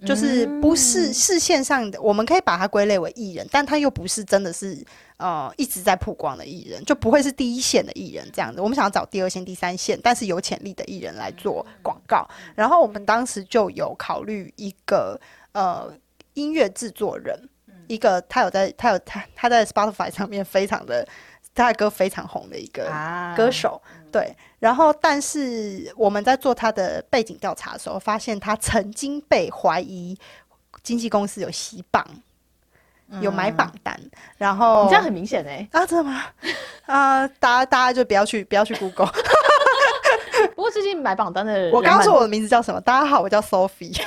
就是不是視線上的，嗯、我們可以把它歸類為藝人，但他又不是真的是呃一直在曝光的藝人，就不會是第一線的藝人這樣子。我們想要找第二線、第三線，但是有潛力的藝人來做廣告。然後我們當時就有考慮一個呃音樂製作人，嗯、一個他有在，他有他他在 Spotify 上面非常的他的歌非常紅的一個歌手。啊對，然後但是我們在做他的背景調查的時候，發現他曾經被懷疑經紀公司有洗榜、嗯、有買榜單。然後你這樣很明顯哎、欸，啊真的嗎？啊，大家大家就不要去不要去 Google。 不過最近買榜單的人，我剛剛說我的名字叫什麼？ 大家好，我叫 Sophie。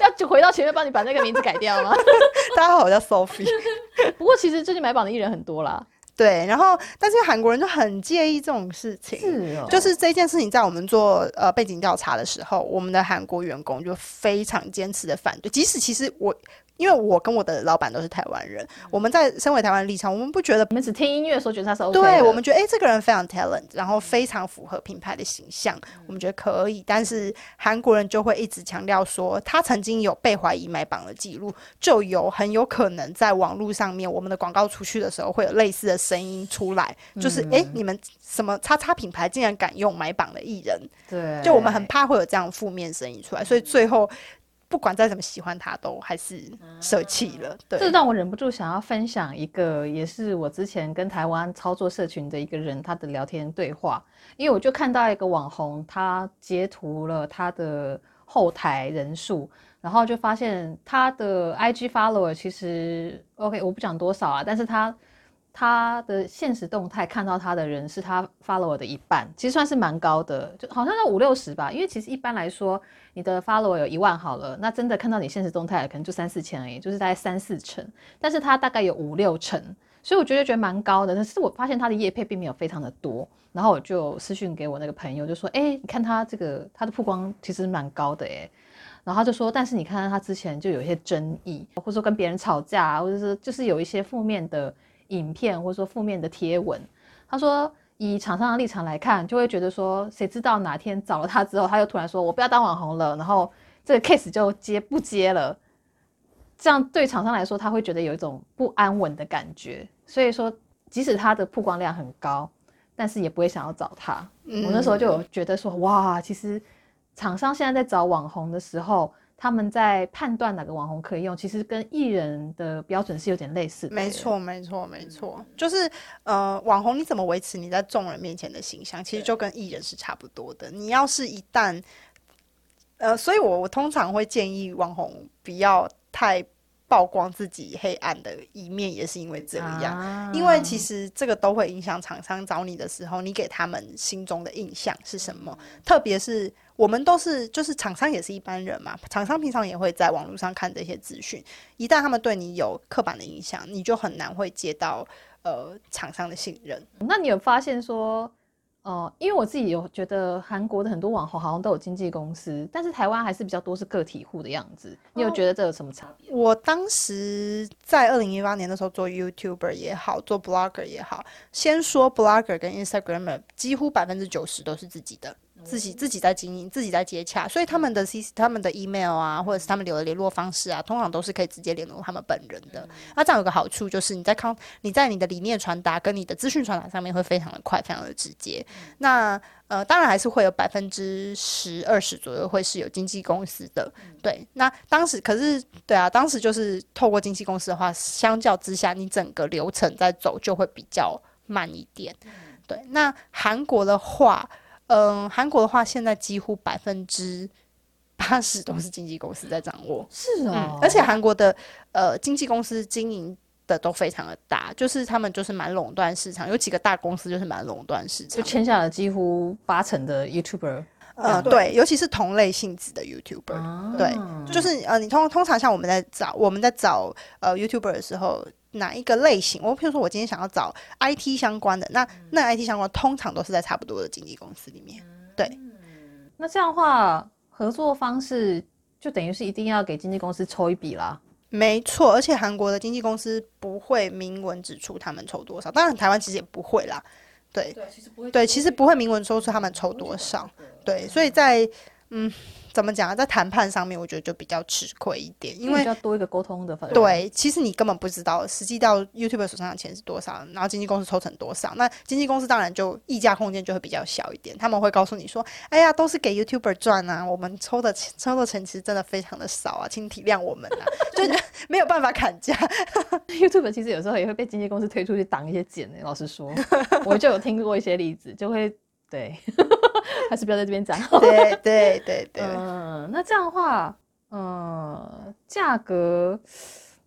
要就回到前面幫你把那個名字改掉嗎？ 大家好，我叫 Sophie。 不過其實最近買榜的藝人很多啦。對，然後但是韓國人就很介意這種事情，是哦，就是這件事情在我們做呃背景調查的時候，我們的韓國員工就非常堅持的反對，即使其實我。因為我跟我的老板都是台灣人，嗯、我們在身為台灣立場，我們不覺得我們只聽音樂的時候覺得他是 OK 的，對，我們覺得誒、欸，這個人非常 talent，然後非常符合品牌的形象，嗯、我們覺得可以。但是韓國人就會一直強調說，他曾經有被懷疑買榜的記錄，就有很有可能在網絡上面，我們的廣告出去的時候會有類似的聲音出來，就是誒、嗯欸，你們什麼叉叉品牌竟然敢用買榜的藝人？對，就我們很怕會有這樣負面聲音出來，所以最後。嗯不管再怎麼喜歡他，都還是捨棄了。對。啊，這讓我忍不住想要分享一個，也是我之前跟台灣操作社群的一個人，他的聊天對話。因為我就看到一個網紅，他截圖了他的後台人數，然後就發現他的 IG follower 其實 OK，我不講多少啊，但是他。他的現實動態看到他的人是他 follower 的一半，其實算是蠻高的，就好像到五六十吧。因為其實一般來說，你的 follower 有一萬好了，那真的看到你現實動態可能就三四千而已，就是大概三四成。但是他大概有五六成，所以我覺得覺得蠻高的。但是我發現他的業配並沒有非常的多，然後我就私訊給我那個朋友，就說：誒、欸，你看他這個他的曝光其實蠻高的誒、欸，然後他就說：但是你看到他之前就有一些爭議，或者說跟別人吵架，或者是說就是有一些負面的。影片或者說負面的貼文，他說以廠商的立場來看，就會覺得說，誰知道哪天找了他之後，他又突然說，我不要當網紅了，然後這個 case 就接不接了，這樣對廠商來說，他會覺得有一種不安穩的感覺。所以說，即使他的曝光量很高，但是也不會想要找他。我那時候就覺得說，哇，其實廠商現在在找網紅的時候。他們在判斷哪個網紅可以用，其實跟藝人的標準是有點類似的耶。沒錯，沒錯，沒錯、嗯，就是呃，網紅你怎麼維持你在眾人面前的形象，對其實就跟藝人是差不多的。你要是一旦，呃，所以我我通常會建議網紅不要太曝光自己黑暗的一面，也是因為這樣，啊、因為其實這個都會影響廠商找你的時候，你給他們心中的印象是什麼，嗯、特別是。我們都是，就是廠商也是一般人嘛。廠商平常也會在網絡上看這些資訊，一旦他們對你有刻板的印象，你就很難會接到呃廠商的信任。那你有發現說，呃，因為我自己有覺得韓國的很多網紅好像都有經紀公司，但是台灣還是比較多是個體戶的樣子。哦，你有覺得這有什麼差別？我當時在二零一八年的時候做 YouTuber 也好，做 Blogger 也好，先說 Blogger 跟 Instagramer 幾乎百分之九十都是自己的。自己自己在經營，自己在接洽，所以他們的 C 他們的 email 啊，或者是他們留的聯絡方式啊，通常都是可以直接聯絡他們本人的。那、嗯啊、這樣有個好處就是你在康你在你的理念傳達跟你的資訊傳達上面會非常的快，非常的直接。嗯、那呃，當然還是會有百分之十二十左右會是有經紀公司的。嗯、對，那當時可是對啊，當時就是透過經紀公司的話，相較之下，你整個流程在走就會比較慢一點。嗯、對，那韓國的話。嗯，韓國的話，現在幾乎百分之八十都是經紀公司在掌握。是啊、喔嗯，而且韓國的呃經紀公司經營的都非常的大，就是他們就是蠻壟斷市場，有幾個大公司就是蠻壟斷市場，就簽下了幾乎八成的 YouTuber。嗯，嗯對，對尤其是同類性質的 YouTuber，、啊、對，就是呃，你通通常像我們在找我們在找呃 YouTuber 的時候。哪一個類型？我比如說，我今天想要找 IT 相關的，那那 IT 相關通常都是在差不多的經紀公司裡面。對、嗯，那這樣的話，合作方式就等於是一定要給經紀公司抽一筆啦。沒錯，而且韓國的經紀公司不會明文指出他們抽多少，當然台灣其實也不會啦。對，對，其實不會明文說出他們抽多少。這個、對，所以在嗯。嗯怎麼講啊？在談判上面，我覺得就比較吃虧一點，因為，因為要多一個溝通的反。對，其實你根本不知道實際到 YouTuber 手上的錢是多少，然後經紀公司抽成多少。那經紀公司當然就溢價空間就會比較小一點，他們會告訴你說：“哎呀，都是給 YouTuber 賺啊，我們抽的抽的錢其實真的非常的少啊，請體諒我們啊， 就 沒有辦法砍價。 ” YouTuber 其實有時候也會被經紀公司推出去擋一些箭、欸、老實說， 我就有聽過一些例子，就會對。 還是不要在這邊講。 對對對對。對 嗯，那這樣的話，嗯，價格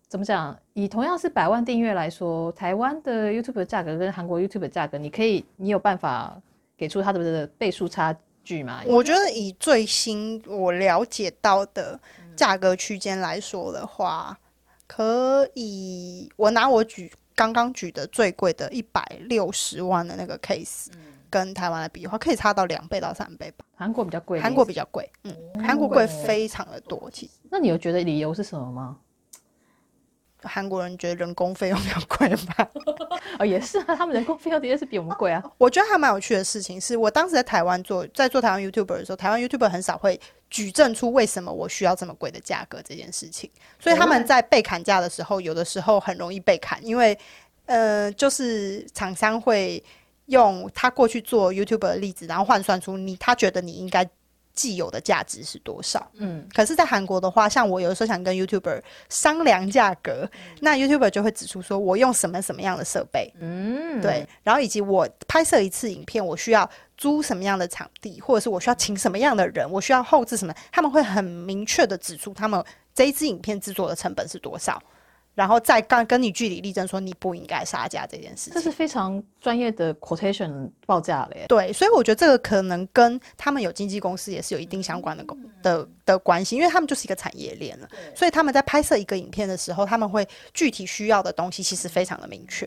怎麼講？以同樣是百萬訂閱來說，台灣的 YouTube 價格跟韓國 YouTube 的價格，你可以，你有辦法給出它的倍數差距嗎？我覺得以最新我了解到的價格區間來說的話，嗯，可以。我拿我舉剛剛舉的最貴的一百六十萬的那個 case，嗯。跟台灣的比的話，可以差到兩倍到三倍吧。韓國比較貴，韓國比較貴，嗯，韓國貴非常的多。其實，那你有覺得理由是什麼嗎？韓國人覺得人工費用比較貴吧？哦，也是啊，他們人工費用的確是比我們貴啊。我覺得還蠻有趣的事情是，我當時在台灣做，在做台灣 YouTuber 的時候，台灣 YouTuber 很少會舉證出為什麼我需要這麼貴的價格這件事情。所以他們在被砍價的時候，有的時候很容易被砍，因為，呃，就是廠商會。用他過去做 YouTuber 的例子，然後換算出你他覺得你應該既有的價值是多少？嗯，可是，在韓國的話，像我有時候想跟 YouTuber 商量價格，嗯、那 YouTuber 就會指出說我用什麼什麼樣的設備，嗯，對，然後以及我拍攝一次影片，我需要租什麼樣的場地，或者是我需要請什麼樣的人，我需要後製什麼，他們會很明確的指出他們這一支影片製作的成本是多少。然後再跟跟你據理力爭說，你不應該殺價這件事情，這是非常專業的 quotation 報價嘞。對，所以我覺得這個可能跟他們有經紀公司也是有一定相關的關、嗯、的的關係，因為他們就是一個產業鏈了。對所以他們在拍攝一個影片的時候，他們會具體需要的東西其實非常的明確。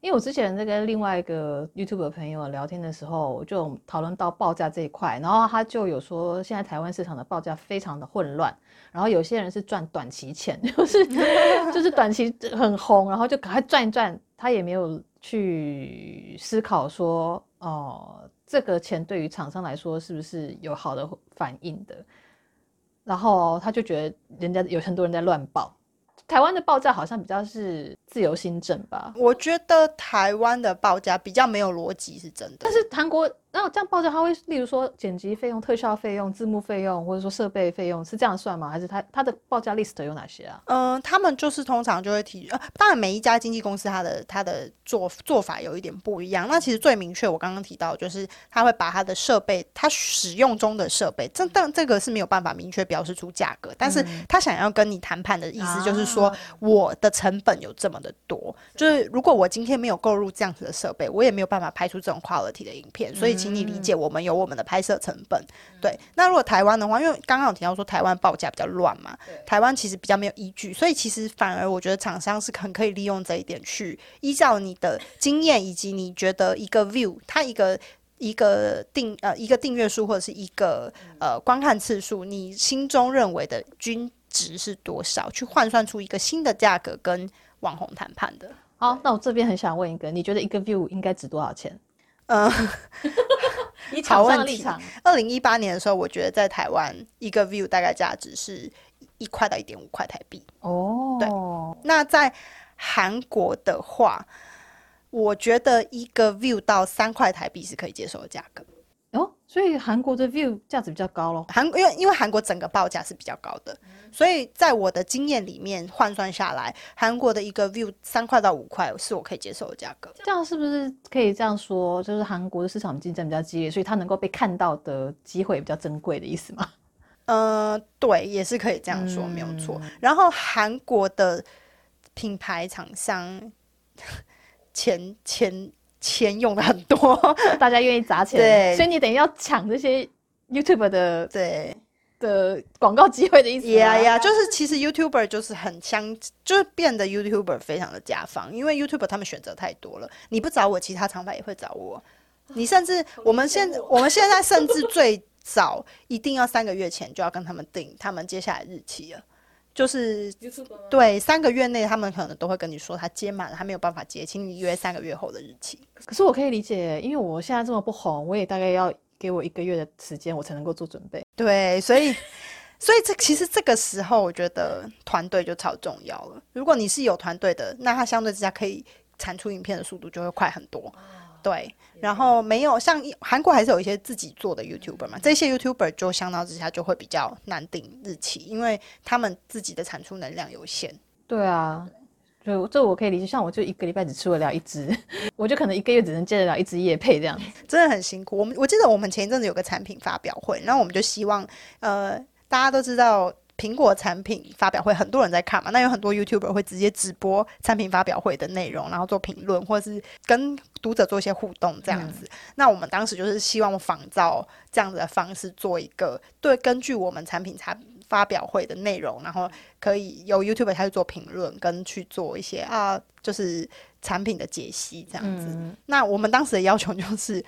因為我之前在跟另外一個 YouTube 的朋友聊天的時候，就討論到報價這一塊，然後他就有說，現在台灣市場的報價非常的混亂。然後有些人是賺短期錢，就是就是短期很紅，然後就趕快賺一賺，他也沒有去思考說，哦、呃，這個錢對於廠商來說是不是有好的反應的？然後他就覺得人家有很多人在亂報，台灣的報價好像比較是自由心證？吧？我覺得台灣的報價比較沒有邏輯是真的，但是韓國。那、哦、這樣報價它會，例如說剪輯費用、特效費用、字幕費用，或者說設備費用，是這樣算嗎？還是他他的報價 list 有哪些啊？嗯、呃，他們就是通常就會提，呃、當然每一家經紀公司他的他的做做法有一點不一樣。那其實最明確我剛剛提到，就是他會把他的設備，他使用中的設備，這但這個是沒有辦法明確表示出價格。嗯、但是他想要跟你談判的意思就是說，啊、我的成本有這麼的多，是的就是如果我今天沒有購入這樣子的設備，我也沒有辦法拍出這種 quality 的影片，嗯、所以。請你理解，我們有我們的拍攝成本。嗯、對，那如果台灣的話，因為剛剛有提到說台灣報價比較亂嘛，對台灣其實比較沒有依據，所以其實反而我覺得廠商是很可以利用這一點去依照你的經驗以及你覺得一個 view，它，一個一個訂呃一個訂閱數或者是一個呃觀看次數，你心中認為的均值是多少，去換算出一個新的價格跟網紅談判的。好，那我這邊很想問一個，你覺得一個 view 應該值多少錢？ 一嗯，你挑戰立場。二零一八年的時候，我覺得在台灣一個 view 大概價值是一塊到一點五塊台幣。哦，oh. 對。那在韓國的話，我覺得一個 view 到三塊台幣是可以接受的價格。所以韓國的 view 價值比較高咯，韓因為因為韓國整個報價是比較高的，嗯、所以在我的經驗裡面換算下來，韓國的一個 view 三塊到五塊是我可以接受的價格。這樣是不是可以這樣說？就是韓國的市場競爭比較激烈，所以它能夠被看到的機會也比較珍貴的意思嗎？嗯、呃，對，也是可以這樣說，嗯、沒有錯。然後韓國的品牌廠商前，前前。錢用的很多，哦，大家願意砸錢，對，所以你等於要搶這些 YouTuber 的對的廣告機會的意思。對呀，就是其實 YouTuber 就是很香，就是變得 YouTuber 非常的甲方，因為 YouTuber 他們選擇太多了，你不找我，其他廠牌也會找我。你甚至我們現我們現在甚至最早 一定要三個月前就要跟他們定，他們接下來日期了。就是，對，三個月內他們可能都會跟你說他接滿了，他沒有辦法接，請你約三個月後的日期。可是我可以理解，因為我現在這麼不紅，我也大概要給我一個月的時間，我才能夠做準備。對，所以，所以這其實這個時候，我覺得團隊就超重要了。如果你是有團隊的，那他相對之下可以產出影片的速度就會快很多。對，然後沒有像韓國還是有一些自己做的 YouTuber 嘛，這些 YouTuber 就相當之下就會比較難定日期，因為他們自己的產出能量有限。對啊，所以這我可以理解。像我就一個禮拜只出得了一支，我就可能一個月只能接得了一支業配這樣，真的很辛苦。我們我記得我們前一陣子有個產品發表會，然後我們就希望呃大家都知道。蘋果產品發表會很多人在看嘛，那有很多 YouTuber 會直接直播產品發表會的內容，然後做評論或者是跟讀者做一些互動這樣子。嗯、那我們當時就是希望仿照這樣子的方式做一個，對，根據我們產品產發表會的內容，然後可以由 YouTuber 他去做評論跟去做一些啊，就是產品的解析這樣子。嗯、那我們當時的要求就是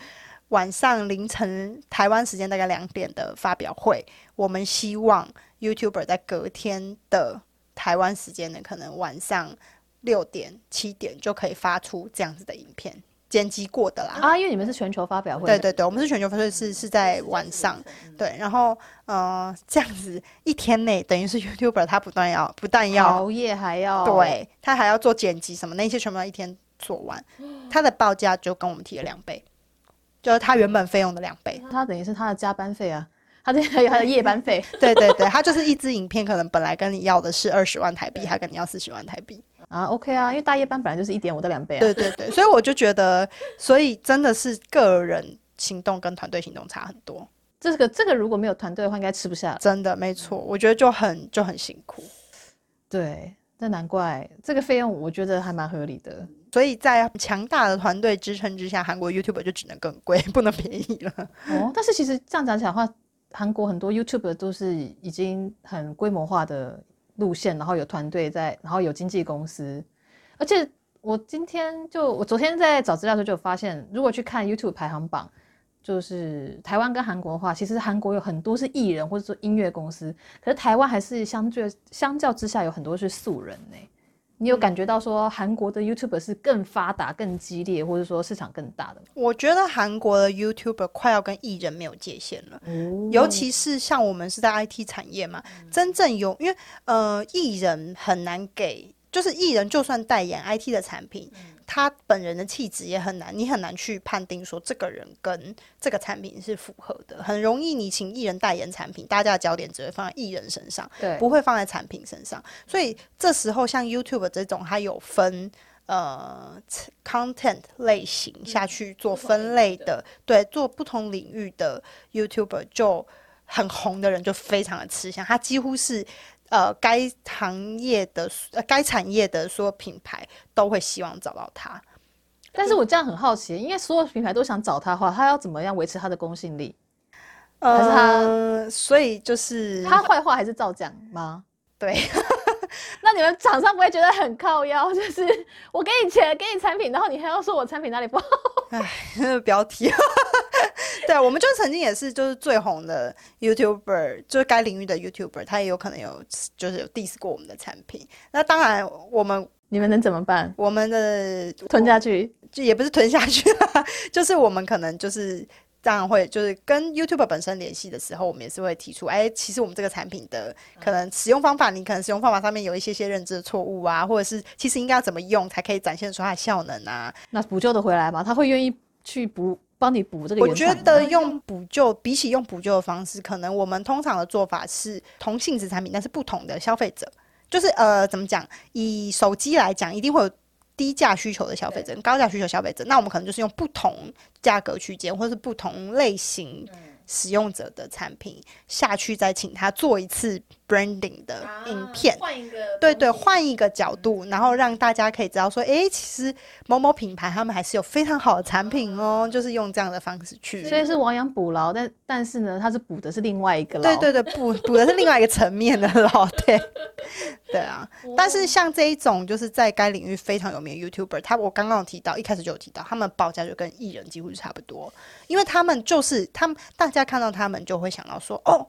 晚上凌晨台灣時間大概兩點的發表會，我們希望。YouTuber 在隔天的台灣時間呢，可能晚上六點七點，就可以發出這樣子的影片，剪輯過的啦。啊，因為你們是全球發表會的。對對對，我們是全球發表會是，是是在晚上，嗯、對。然後呃，這樣子一天內等於是 YouTuber 他不斷要，不斷要熬夜還要，對他還要做剪輯什麼，那些全部要一天做完。他的報價就跟我們提了兩倍，就是他原本費用的兩倍。他等於是他的加班費啊。他這 還有他的夜班費，對，對對對，他就是一支影片，可能本來跟你要的是二十萬台幣，他跟你要四十萬台幣啊。OK 啊，因為大夜班本來就是一點五到兩倍啊。對對對，所以我就覺得，所以真的是個人行動跟團隊行動差很多。這個這個如果沒有團隊的話，應該吃不下了。真的沒錯，我覺得就很就很辛苦。對，那難怪這個費用，我覺得還蠻合理的。所以在強大的團隊支撐之下，韓國 YouTuber 就只能更貴，不能便宜了。哦，但是其實這樣講起來的話。韓國很多 YouTube 都是已經很規模化的路線，然後有團隊在，然後有經紀公司。而且我今天就我昨天在找資料的時候就有發現，如果去看 YouTube 排行榜，就是台灣跟韓國的話，其實韓國有很多是藝人或者說音樂公司，可是台灣還是相對相較之下有很多是素人呢、欸。你有感覺到說，韓國的 YouTuber 是更發達、更激烈，或者說市場更大的？我覺得韓國的 YouTuber 快要跟藝人沒有界限了，嗯、尤其是像我們是在 IT 產業嘛，嗯、真正有因為呃藝人很難給，就是藝人就算代言 IT 的產品。嗯他本人的氣質也很難，你很難去判定說這個人跟這個產品是符合的。很容易你請藝人代言產品，大家的焦點只會放在藝人身上，對，不會放在產品身上。所以這時候像 YouTube 這種，它有分呃 content 類型下去做分類的，嗯、這種類的。對，做不同領域的 YouTuber 就很紅的人就非常的吃香，他幾乎是。呃，該行業的呃，該產業的所有品牌都會希望找到他。但是我這樣很好奇，因為所有品牌都想找他的話，他要怎麼樣維持他的公信力？呃，他所以就是他壞話還是照講嗎？對。 那你們廠商不會覺得很靠腰？就是我給你錢，給你產品，然後你還要說我產品哪裡包 不好？哎，標題。對，我們就曾經也是，就是最紅的 YouTuber，就是該領域的 YouTuber，他也有可能有就是有 diss 過我們的產品。那當然，我們你們能怎麼辦？我們的吞下去，就也不是吞下去啊，就是我們可能就是。這樣會就是跟 YouTube 本身聯繫的時候，我們也是會提出，哎、欸，其實我們這個產品的可能使用方法，你可能使用方法上面有一些些認知的錯誤啊，或者是其實應該要怎麼用才可以展現出它的效能啊，那補救的回來嗎？他會願意去補幫你補這個原因嗎？我覺得用補救比起用補救的方式，可能我們通常的做法是同性質產品，但是不同的消費者，就是呃，怎麼講？以手機來講，一定會有。低價需求的消費者跟高價需求消費者，那我們可能就是用不同價格區間，或者是不同類型使用者的產品對下去，再請他做一次。Branding 的影片，換、啊、一個，對，對對，換一個角度，嗯、然後讓大家可以知道說，哎、欸，其實某某品牌他們還是有非常好的產品哦、喔，嗯、就是用這樣的方式去，所以是亡羊補牢，但但是呢，它是補的是另外一個，對對對，補補的是另外一個層面的牢。對， 對啊。哦、但是像這一種，就是在該領域非常有名的 YouTuber，他我剛剛有提到一開始就有提到，他們報價就跟藝人幾乎是差不多，因為他們就是他們，大家看到他們就會想到說，哦。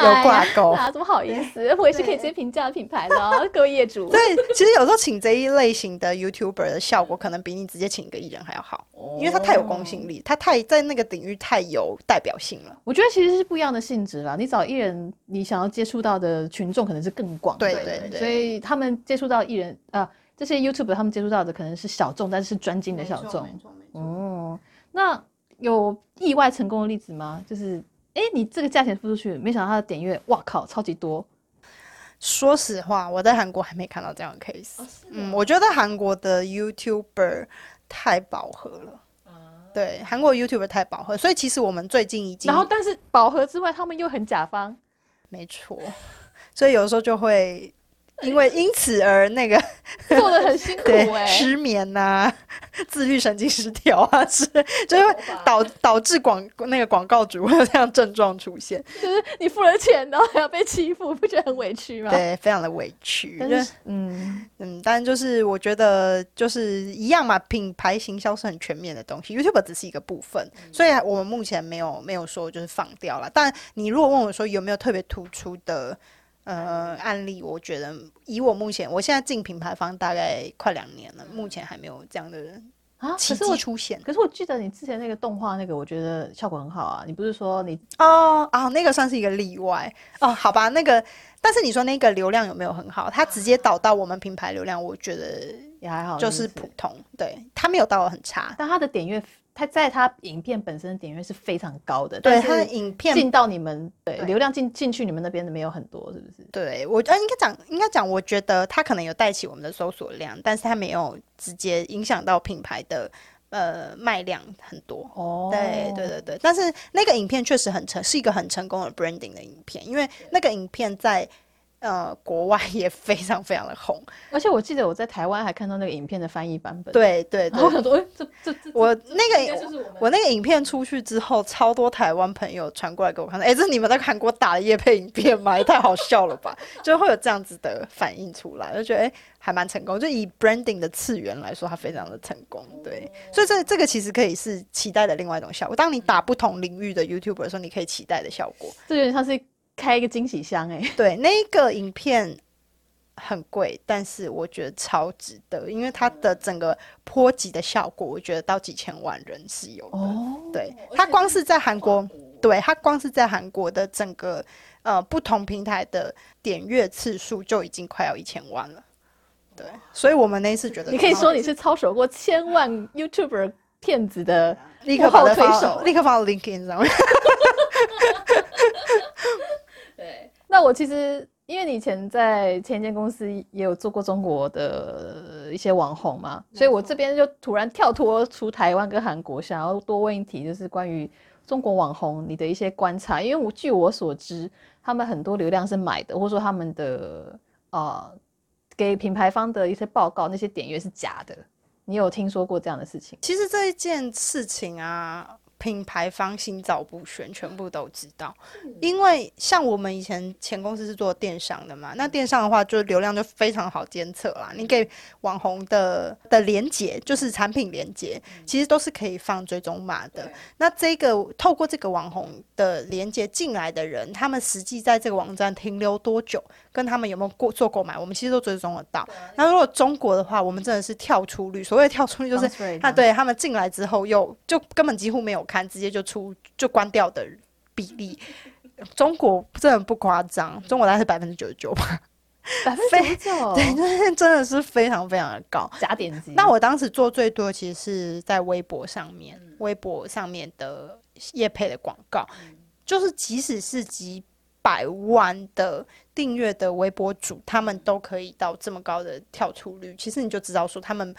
有掛鈎啊？怎麼好意思？對我也是可以直接評價品牌呢，然後各位業主。 所以其實有時候請這一類型的 YouTuber 的效果，可能比你直接請一個藝人還要好，哦，因為他太有公信力，他太在那個領域太有代表性了。我覺得其實是不一樣的性質啦。你找藝人，你想要接觸到的群眾可能是更廣，對對對。所以他們接觸到藝人啊，這些 YouTuber 他們接觸到的可能是小眾，但是專精的小眾。哦，那有意外成功的例子嗎？就是。誒、欸，你這個價錢付出去，沒想到他的點閱，哇靠，超級多！說實話，我在韓國還沒看到這樣的 case。哦、的嗯，我覺得韓國的 YouTuber 太飽和了。嗯、對，韓國 YouTuber 太飽和，所以其實我們最近已經，然後但是飽和之外，他們又很甲方，沒錯，所以有時候就會。因為因此而那個做的很辛苦，哎 對，失眠吶，啊， 自律神經失調啊，是就是導，啊，導致廣那個廣告主會有這樣症狀出現，就是你付了錢，然後還要被欺負，不覺得很委屈嗎？對，非常的委屈。但是嗯嗯，但就是我覺得就是一樣嘛，品牌行銷是很全面的東西，YouTube 只是一個部分，嗯，所以我們目前沒有沒有說就是放掉了。但你如果問我說有沒有特別突出的？呃，案例我覺得以我目前，我現在進品牌方大概快兩年了，目前還沒有這樣的人啊，其實會出現。可是我記得你之前那個動畫那個，我覺得效果很好啊。你不是說你哦，哦，那個算是一個例外哦。好吧，那個，但是你說那個流量有沒有很好？它，直接導到我們品牌流量，我覺得也還好，就是普通。對，它沒有到很差，但它的點閱。它在它影片本身的點閱是非常高的，對但他的影片進到你們對流量進進去你們那邊的沒有很多，是不是？對我應，應該講應該講，我覺得它可能有帶起我們的搜索量，但是它沒有直接影響到品牌的呃賣量很多哦。對、oh. 對對對，但是那個影片確實很成，是一個很成功的 branding 的影片，因為那個影片在。呃，國外也非常非常的紅，而且我記得我在台灣還看到那個影片的翻譯版本。對，對對，然很多這這我 那個我，我那個影片出去之後，超多台灣朋友傳過來給我看，說，哎，這是你們在韓國打的業配影片嗎？也太好笑了吧？ 就會有這樣子的反應出來，就覺得，哎、欸，還蠻成功。就以 branding 的次元來說，它非常的成功。對，哦、所以這這個其實可以是期待的另外一種效果。當你打不同領域的 YouTuber 的時候，你可以期待的效果。這有點像是。開一個驚喜箱。哎、欸，對，那一個影片很貴，但是我覺得超值得，因為它的整個波及的效果，我覺得到幾千萬人是有的。哦，對，它光是在韓國，對，它光是在韓國的整個呃、不同平台的點閱次數就已經快要一千萬了。對，哇所以我們那一次覺得，得，你可以說你是操守過千萬 YouTuber 片子的，立刻把我推手，立刻把我 LinkedIn 上面。那我其實，因為你以前在前一間公司也有做過中國的一些網紅嘛，沒錯。所以我這邊就突然跳脫出台灣跟韓國，想要多問一題，就是關於中國網紅你的一些觀察。因為我據我所知，他們很多流量是買的，或者說他們的啊、呃、給品牌方的一些報告，那些點閱是假的。你有聽說過這樣的事情？其實這一件事情啊。品牌方心照不宣，全部都知道。因為像我們以前前公司是做電商的嘛，那電商的話，就流量就非常好監測啦。你給網紅的的連接，就是產品連接，其實都是可以放追蹤碼的。那這個透過這個網紅的連接進來的人，他們實際在這個網站停留多久，跟他們有沒有過做購買，我們其實都追蹤得到。那如果中國的話，我們真的是跳出率。所謂的跳出率就是啊，對，他們進來之後又就根本幾乎沒有看。直接就出就關掉的比例， 中國真的不誇張，中國大概是百分之九十九吧，百分之九十九，對，那真的是非常非常的高。假點擊。那我當時做最多其實是在微博上面，嗯、微博上面的業配的廣告，嗯、就是即使是幾百萬的訂閱的微博主，他們都可以到這麼高的跳出率。其實你就知道說他們。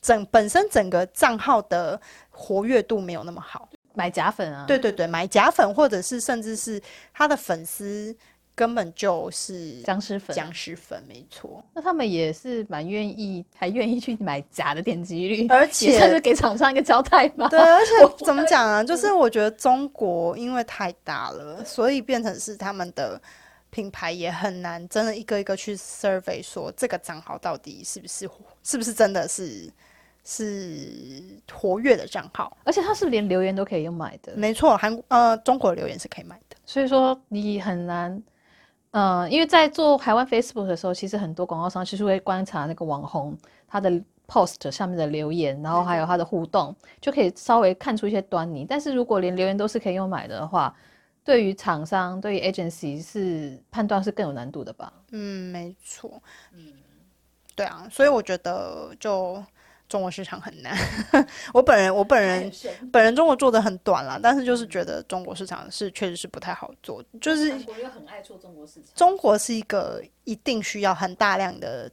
整本身整個賬號的活躍度沒有那麼好，買假粉啊？對對對，買假粉，或者是甚至是他的粉絲根本就是殭屍粉，殭屍粉沒錯。那他們也是蠻願意，還願意去買假的點擊率，而且是給廠商一個交代嘛。對，而且我怎麼講啊？就是我覺得中國因為太大了，嗯、所以變成是他們的品牌也很難真的一個一個去 survey 說這個賬號到底是不是是不是真的是。是活躍的賬號而且他是連留言都可以用買的。沒錯。韓國呃，中國的留言是可以買的，所以說你很難，嗯、呃，因為在做台灣 Facebook 的時候，其實很多廣告商其實會觀察那個網紅他的 post 下面的留言，然後還有他的互動，嗯、就可以稍微看出一些端倪。但是如果連留言都是可以用買的話，對於廠商、對於 agency 是判斷是更有難度的吧？嗯，沒錯。嗯，對啊，所以我覺得就。中國市場很難， 我本人我本人 本人中國做的很短了，但是就是覺得中國市場是確實是不太好做，就是我又很愛做中國市場。中國是一個一定需要很大量的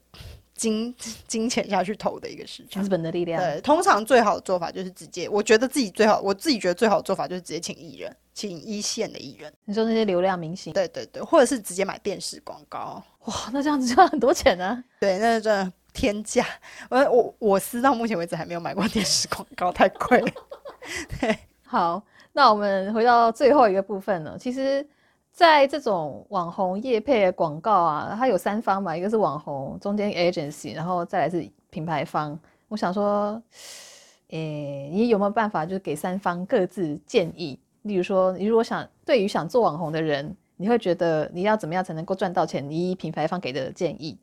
金金錢下去投的一個市場，資本的力量。對，通常最好的做法就是直接，我覺得自己最好，我自己覺得最好的做法就是直接請藝人，請一線的藝人。你說那些流量明星？對對對，或者是直接買電視廣告。哇，那這樣子就要很多錢呢、啊？對，那是真天價，我我我是到目前為止還沒有買過電視廣告，太貴了。 對好，那我們回到最後一個部分了。其實，在這種網紅業配的廣告啊，它有三方嘛，一個是網紅，中間 agency，然後再來是品牌方。我想說，誒、欸，你有沒有辦法，就是給三方各自建議？例如說，你如果想對於想做網紅的人，你會覺得你要怎麼樣才能夠賺到錢？你以品牌方給的建議。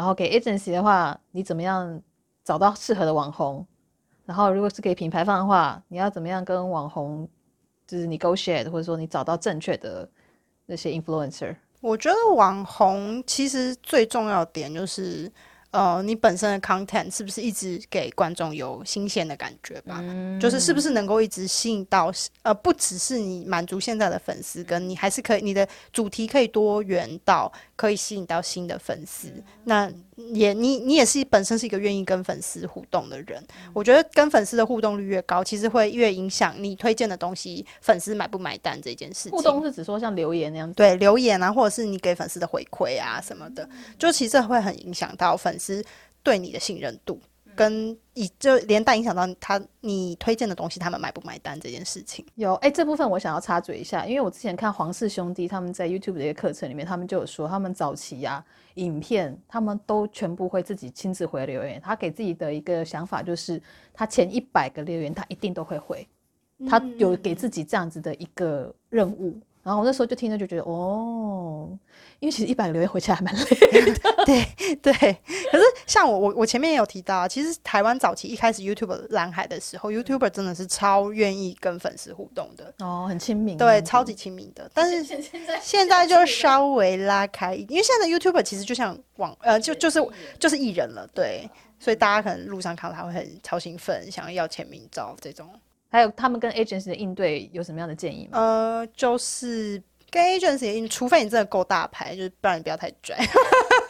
然後給 agency 的話，你怎麼樣找到適合的網紅？然後如果是給品牌方的話，你要怎麼樣跟網紅，就是你 negotiate 或者說你找到正確的那些 influencer？我覺得網紅其實最重要的點就是。呃，你本身的 content 是不是一直給觀眾有新鮮的感覺吧？嗯、就是是不是能夠一直吸引到呃，不只是你滿足現在的粉絲，跟你還是可以你的主題可以多元到可以吸引到新的粉絲。嗯、那也你你也是本身是一個願意跟粉絲互動的人，嗯、我覺得跟粉絲的互動率越高，其實會越影響你推薦的東西粉絲買不買單這件事情。互動是指說像留言那樣子？對留言啊，或者是你給粉絲的回饋啊什麼的，就其實會很影響到粉。其實對你的信任度，跟以就連帶影響到他你推薦的東西，他們買不買單這件事情。有哎、欸，這部分我想要插嘴一下，因為我之前看黃氏兄弟他們在 YouTube 的一個課程裡面，他們就有說，他們早期呀、啊、影片他們都全部會自己親自回留言。他給自己的一個想法就是，他前一百個留言他一定都會回，他有給自己這樣子的一個任務。嗯然後我那時候就聽着就覺得哦，因為其實一百個留言回起來還蠻累的， 對對。可是像我，我我前面也有提到，其實台灣早期一開始 YouTube 藍海的時候、嗯、，YouTuber 真的是超願意跟粉絲互動的。哦，很親民、啊。對，對超級親民的。但是現在就稍微拉開，因為現在的 YouTuber 其實就像網呃，就就是就是藝人了，對。嗯、所以大家可能路上看到他會很超興奮，想要簽名照這種。還有他們跟 agency 的應對有什麼樣的建議嗎？呃，就是跟 agency 應對，除非你真的夠大牌，就是不然你不要太拽，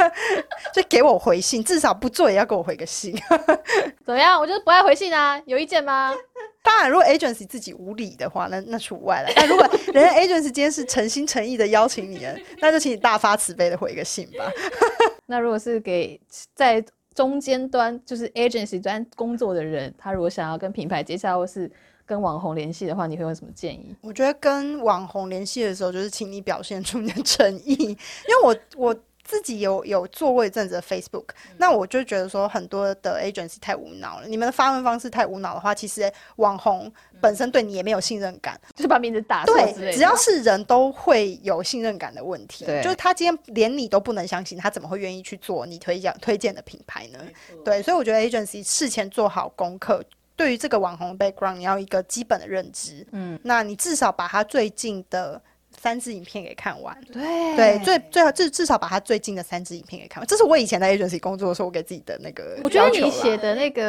就給我回信，至少不做也要給我回個信。 怎麼樣？我就是不愛回信啊，有意見嗎？當然，如果 agency 自己無理的話，那那除外了。那如果人家 agency 今天是誠心誠意的邀請你了， 那就請你大發慈悲的回個信吧。 那如果是給在中間端，就是 agency 端工作的人，他如果想要跟品牌接洽或是。跟網紅聯繫的話，你會有什麼建議？我覺得跟網紅聯繫的時候，就是請你表現出你的誠意。 因為我我自己有有做過一陣子的 Facebook，、嗯、那我就覺得說很多的 agency 太無腦了，你們的發問方式太無腦的話，其實網紅本身對你也沒有信任感，就是把名字打對，只要是人都會有信任感的問題。對就是他今天連你都不能相信，他怎麼會願意去做你推推薦的品牌呢？錯對，所以我覺得 agency 事前做好功課。對於這個網紅 background 你要有一個基本的認知。嗯，那你至少把他最近的三支影片給看完。對對，最最好至至少把他最近的三支影片給看完。這是我以前在 agency 工作的時候，我給自己的那個。我覺得你寫的那個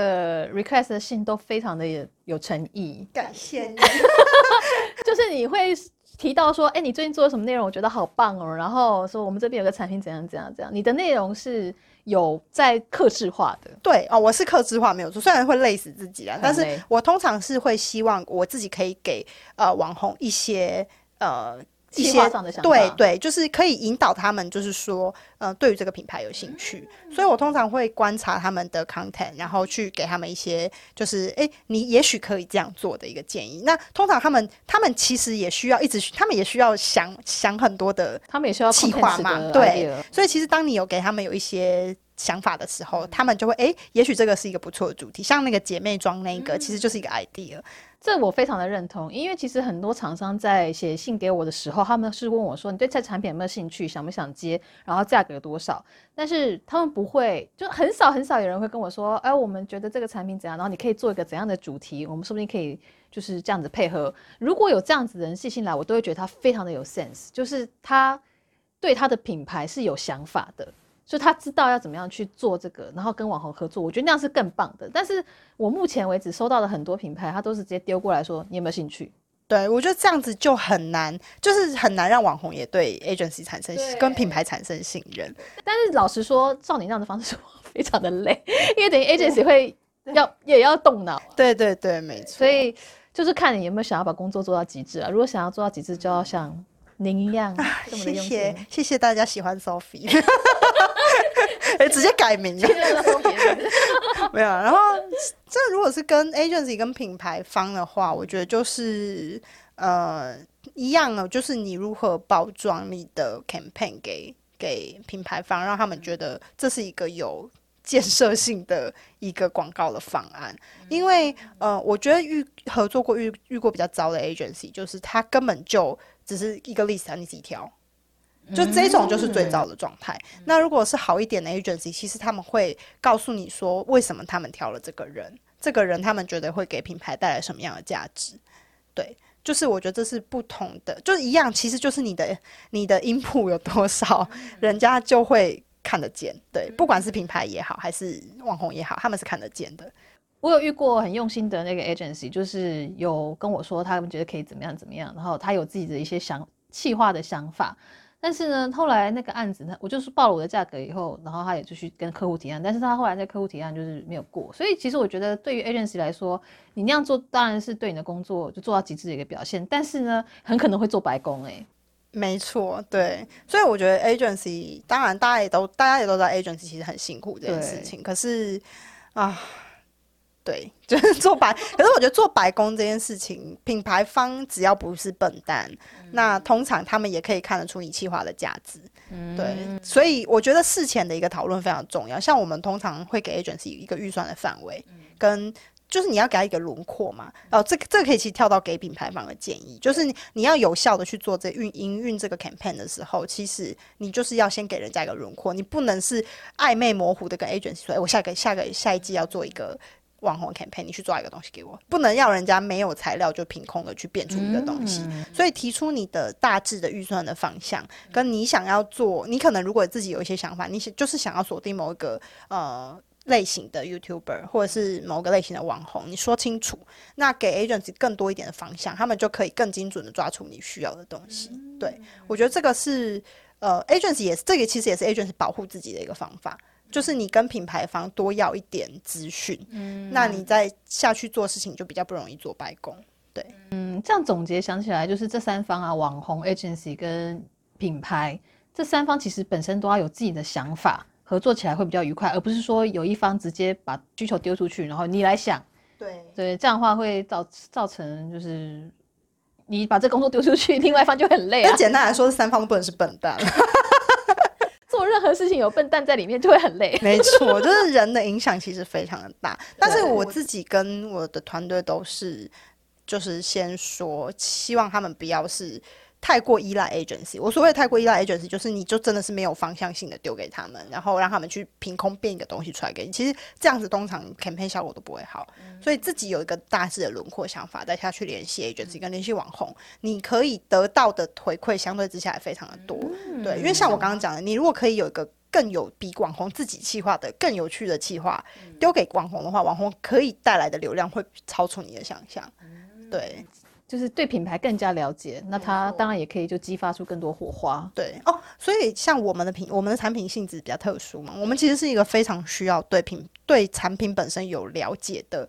request 的信都非常的有,有誠意。感謝你。 就是你會提到說，哎、欸，你最近做了什麼內容？我覺得好棒哦。然後說我們這邊有個產品怎樣怎樣怎樣。你的內容是。有在客製化的，對哦，我是客製化沒有做，雖然會累死自己啊，累但是我通常是會希望我自己可以給呃網紅一些呃。一些對對，就是可以引導他們，就是說，嗯、呃，對於這個品牌有興趣。嗯、所以我通常會觀察他們的 content，然後去給他們一些，就是，哎，你也許可以這樣做的一個建議。那通常他們，他們其實也需要一直，他們也需要想想很多的，他們也需要計劃嘛，對。所以其實當你有給他們有一些想法的時候，嗯、他們就會，哎，也許這個是一個不錯的主題，像那個姐妹裝那個，嗯、其實就是一個 idea。這我非常的認同，因為其實很多廠商在寫信給我的時候，他們是問我說：“你對這產品有沒有興趣？想不想接？然後價格多少？”但是他們不會，就很少很少有人會跟我說：“哎、呃，我們覺得這個產品怎樣？然後你可以做一個怎樣的主題？我們說不定可以就是這樣子配合。”如果有這樣子的人寫信來，我都會覺得他非常的有 sense，就是他對他的品牌是有想法的。就他知道要怎麼樣去做這個，然後跟網紅合作，我覺得那樣是更棒的。但是，我目前為止收到的很多品牌，他都是直接丟過來說你有沒有興趣？對，我覺得這樣子就很難，就是很難讓網紅也對 agency 產生對跟品牌產生信任。但是老實說，照你這樣的方式，非常的累，因為等於 agency 會要對也要動腦啊。對對對，沒錯。所以就是看你有沒有想要把工作做到極致啊。如果想要做到極致，就要像、嗯。明亮，啊，謝謝，謝謝大家喜歡 Sophie， 欸。直接改名 沒有，然後這如果是跟 agency 跟品牌方的話，我覺得就是呃一樣哦，就是你如何包裝你的 campaign 給給品牌方，讓他們覺得這是一個有建設性的一個廣告的方案。因為呃，我覺得遇合作過遇遇過比較糟的 agency，就是他根本就。只是一個 list 啊，你自己挑，就這種就是最糟的狀態。嗯、那如果是好一點的 agency，其實他們會告訴你說，為什麼他們挑了這個人，這個人他們覺得會給品牌帶來什麼樣的價值。對，就是我覺得這是不同的，就一樣，其實就是你的你的 input 有多少，人家就會看得見。對，不管是品牌也好，還是網紅也好，他們是看得見的。我有遇過很用心的那個 agency，就是有跟我說他們覺得可以怎麼樣怎麼樣，然後他有自己的一些想企劃的想法。但是呢，後來那個案子，我就是報了我的價格以後，然後他也就去跟客戶提案，但是他後來在客戶提案就是沒有過。所以其實我覺得，對於 agency 來說，你那樣做當然是對你的工作就做到極致的一個表現，但是呢，很可能會做白工哎、欸。沒錯，對，所以我覺得 agency 當然大家也都大家也都知道 agency 其實很辛苦這件事情，對可是啊。對，就是做白。 可是我覺得做白工這件事情，品牌方只要不是笨蛋，嗯、那通常他們也可以看得出你企劃的價值。嗯、對，所以我覺得事前的一個討論非常重要。像我們通常會給 agency 一個預算的範圍，嗯、跟就是你要給他一個輪廓嘛。哦、呃，這個這個、可以其實跳到給品牌方的建議，就是你你要有效的去做這運營運這個 campaign 的時候，其實你就是要先給人家一個輪廓，你不能是曖昧模糊的跟 agency 說，哎、欸，我下個下個下一季要做一個。網紅 campaign，你去抓一個東西給我，不能要人家沒有材料就憑空的去變出一個東西。嗯嗯，所以提出你的大致的預算的方向，跟你想要做，你可能如果自己有一些想法，你就是想要鎖定某一個呃類型的 YouTuber，或者是某個類型的網紅，你說清楚，那給 agents 更多一點的方向，他們就可以更精準的抓出你需要的東西。對，我覺得這個是呃 agents 也是這個其實也是 agents 保護自己的一個方法。就是你跟品牌方多要一點資訊，嗯，那你再下去做事情就比較不容易做白工，對。嗯，這樣總結想起來，就是這三方啊，網紅 agency 跟品牌這三方其實本身都要有自己的想法，合作起來會比較愉快，而不是說有一方直接把需求丟出去，然後你來想，對對，這樣的話會造造成就是你把這工作丟出去，另外一方就很累啊，那簡單來說，三方都不能是笨蛋。 做任何事情有笨蛋在裡面就會很累，沒錯，就是人的影響其實非常的大。 但是我自己跟我的團隊都是，就是先說，希望他們不要是太過依賴 agency，我所謂的太過依賴 agency，就是你就真的是沒有方向性的丟給他們，然後讓他們去憑空變一個東西出來給你。其實這樣子通常 campaign 效果都不會好，所以自己有一個大致的輪廓想法，再下去聯繫 agency 跟聯繫網紅，你可以得到的回饋相對之下也非常的多。對，因為像我剛剛講的，你如果可以有一個更有比網紅自己計劃的更有趣的計劃丟給網紅的話，網紅可以帶來的流量會超出你的想象。對。就是對品牌更加了解，那他當然也可以就激發出更多火花。嗯、對哦，所以像我們的品，我們的產品性質比較特殊嘛，我們其實是一個非常需要對品、對產品本身有了解的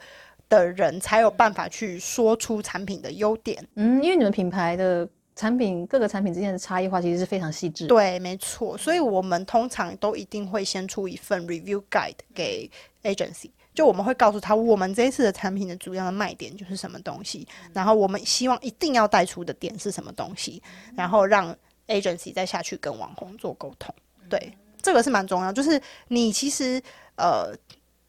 的人，才有辦法去說出產品的優點。嗯，因為你們品牌的產品各個產品之間的差異化其實是非常細緻的。對，沒錯，所以我們通常都一定會先出一份 review guide 給 agency。就我們會告訴他，我們這一次的產品的主要的賣點就是什麼東西，然後我們希望一定要帶出的點是什麼東西，然後讓 agency 再下去跟網紅做溝通。對，這個是蠻重要，就是你其實呃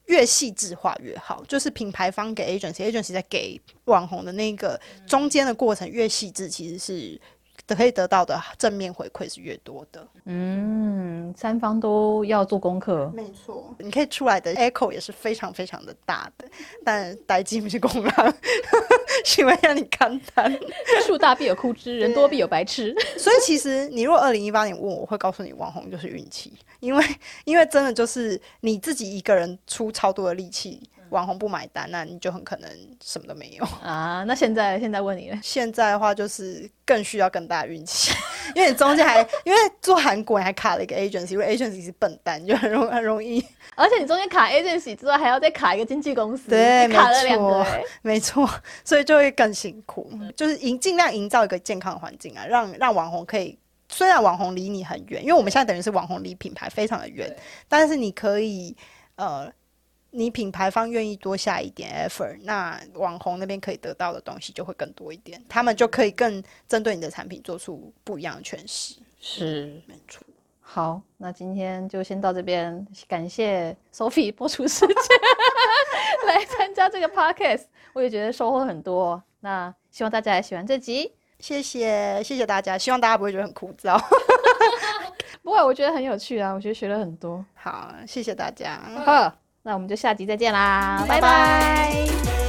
越細緻化越好，就是品牌方給 agency，agency 再給網紅的那個中間的過程越細緻，其實是。可以得到的正面回饋是越多的。嗯，三方都要做功課，沒錯。你可以出來的 echo 也是非常非常的大的，但帶進不是功勞，是因為讓你看淡。樹大必有枯枝，對人多必有白痴。所以其實你如果二零一八年問我，我會告訴你，網紅就是運氣，因為因為真的就是你自己一個人出超多的力氣。網紅不買單，那你就很可能什麼都沒有啊。那現在，現在問你了。現在的話，就是更需要更大的運氣，因為你中間還 因為做韓國你還卡了一個 agency，因為 agency 是笨蛋，就很容很容易。而且你中間卡 agency 之外，還要再卡一個經紀公司，對，卡了兩個沒，沒錯，所以就會更辛苦。嗯、就是營尽量營造一個健康的環境啊，讓讓網紅可以，雖然網紅離你很遠，因為我們現在等於是網紅離品牌非常的遠，對但是你可以，呃。你品牌方願意多下一點 effort，那網紅那邊可以得到的東西就會更多一點，他們就可以更針對你的產品做出不一樣的詮釋。是，沒錯錯。好，那今天就先到這邊，感謝 Sophie 播出時間 來參加這個 podcast，我也覺得收穫很多。那希望大家也喜歡這集，謝謝，謝謝大家。希望大家不會覺得很枯燥， 不會我覺得很有趣啊，我覺得學了很多。好，謝謝大家。那我們就下集再見啦，拜拜。拜拜。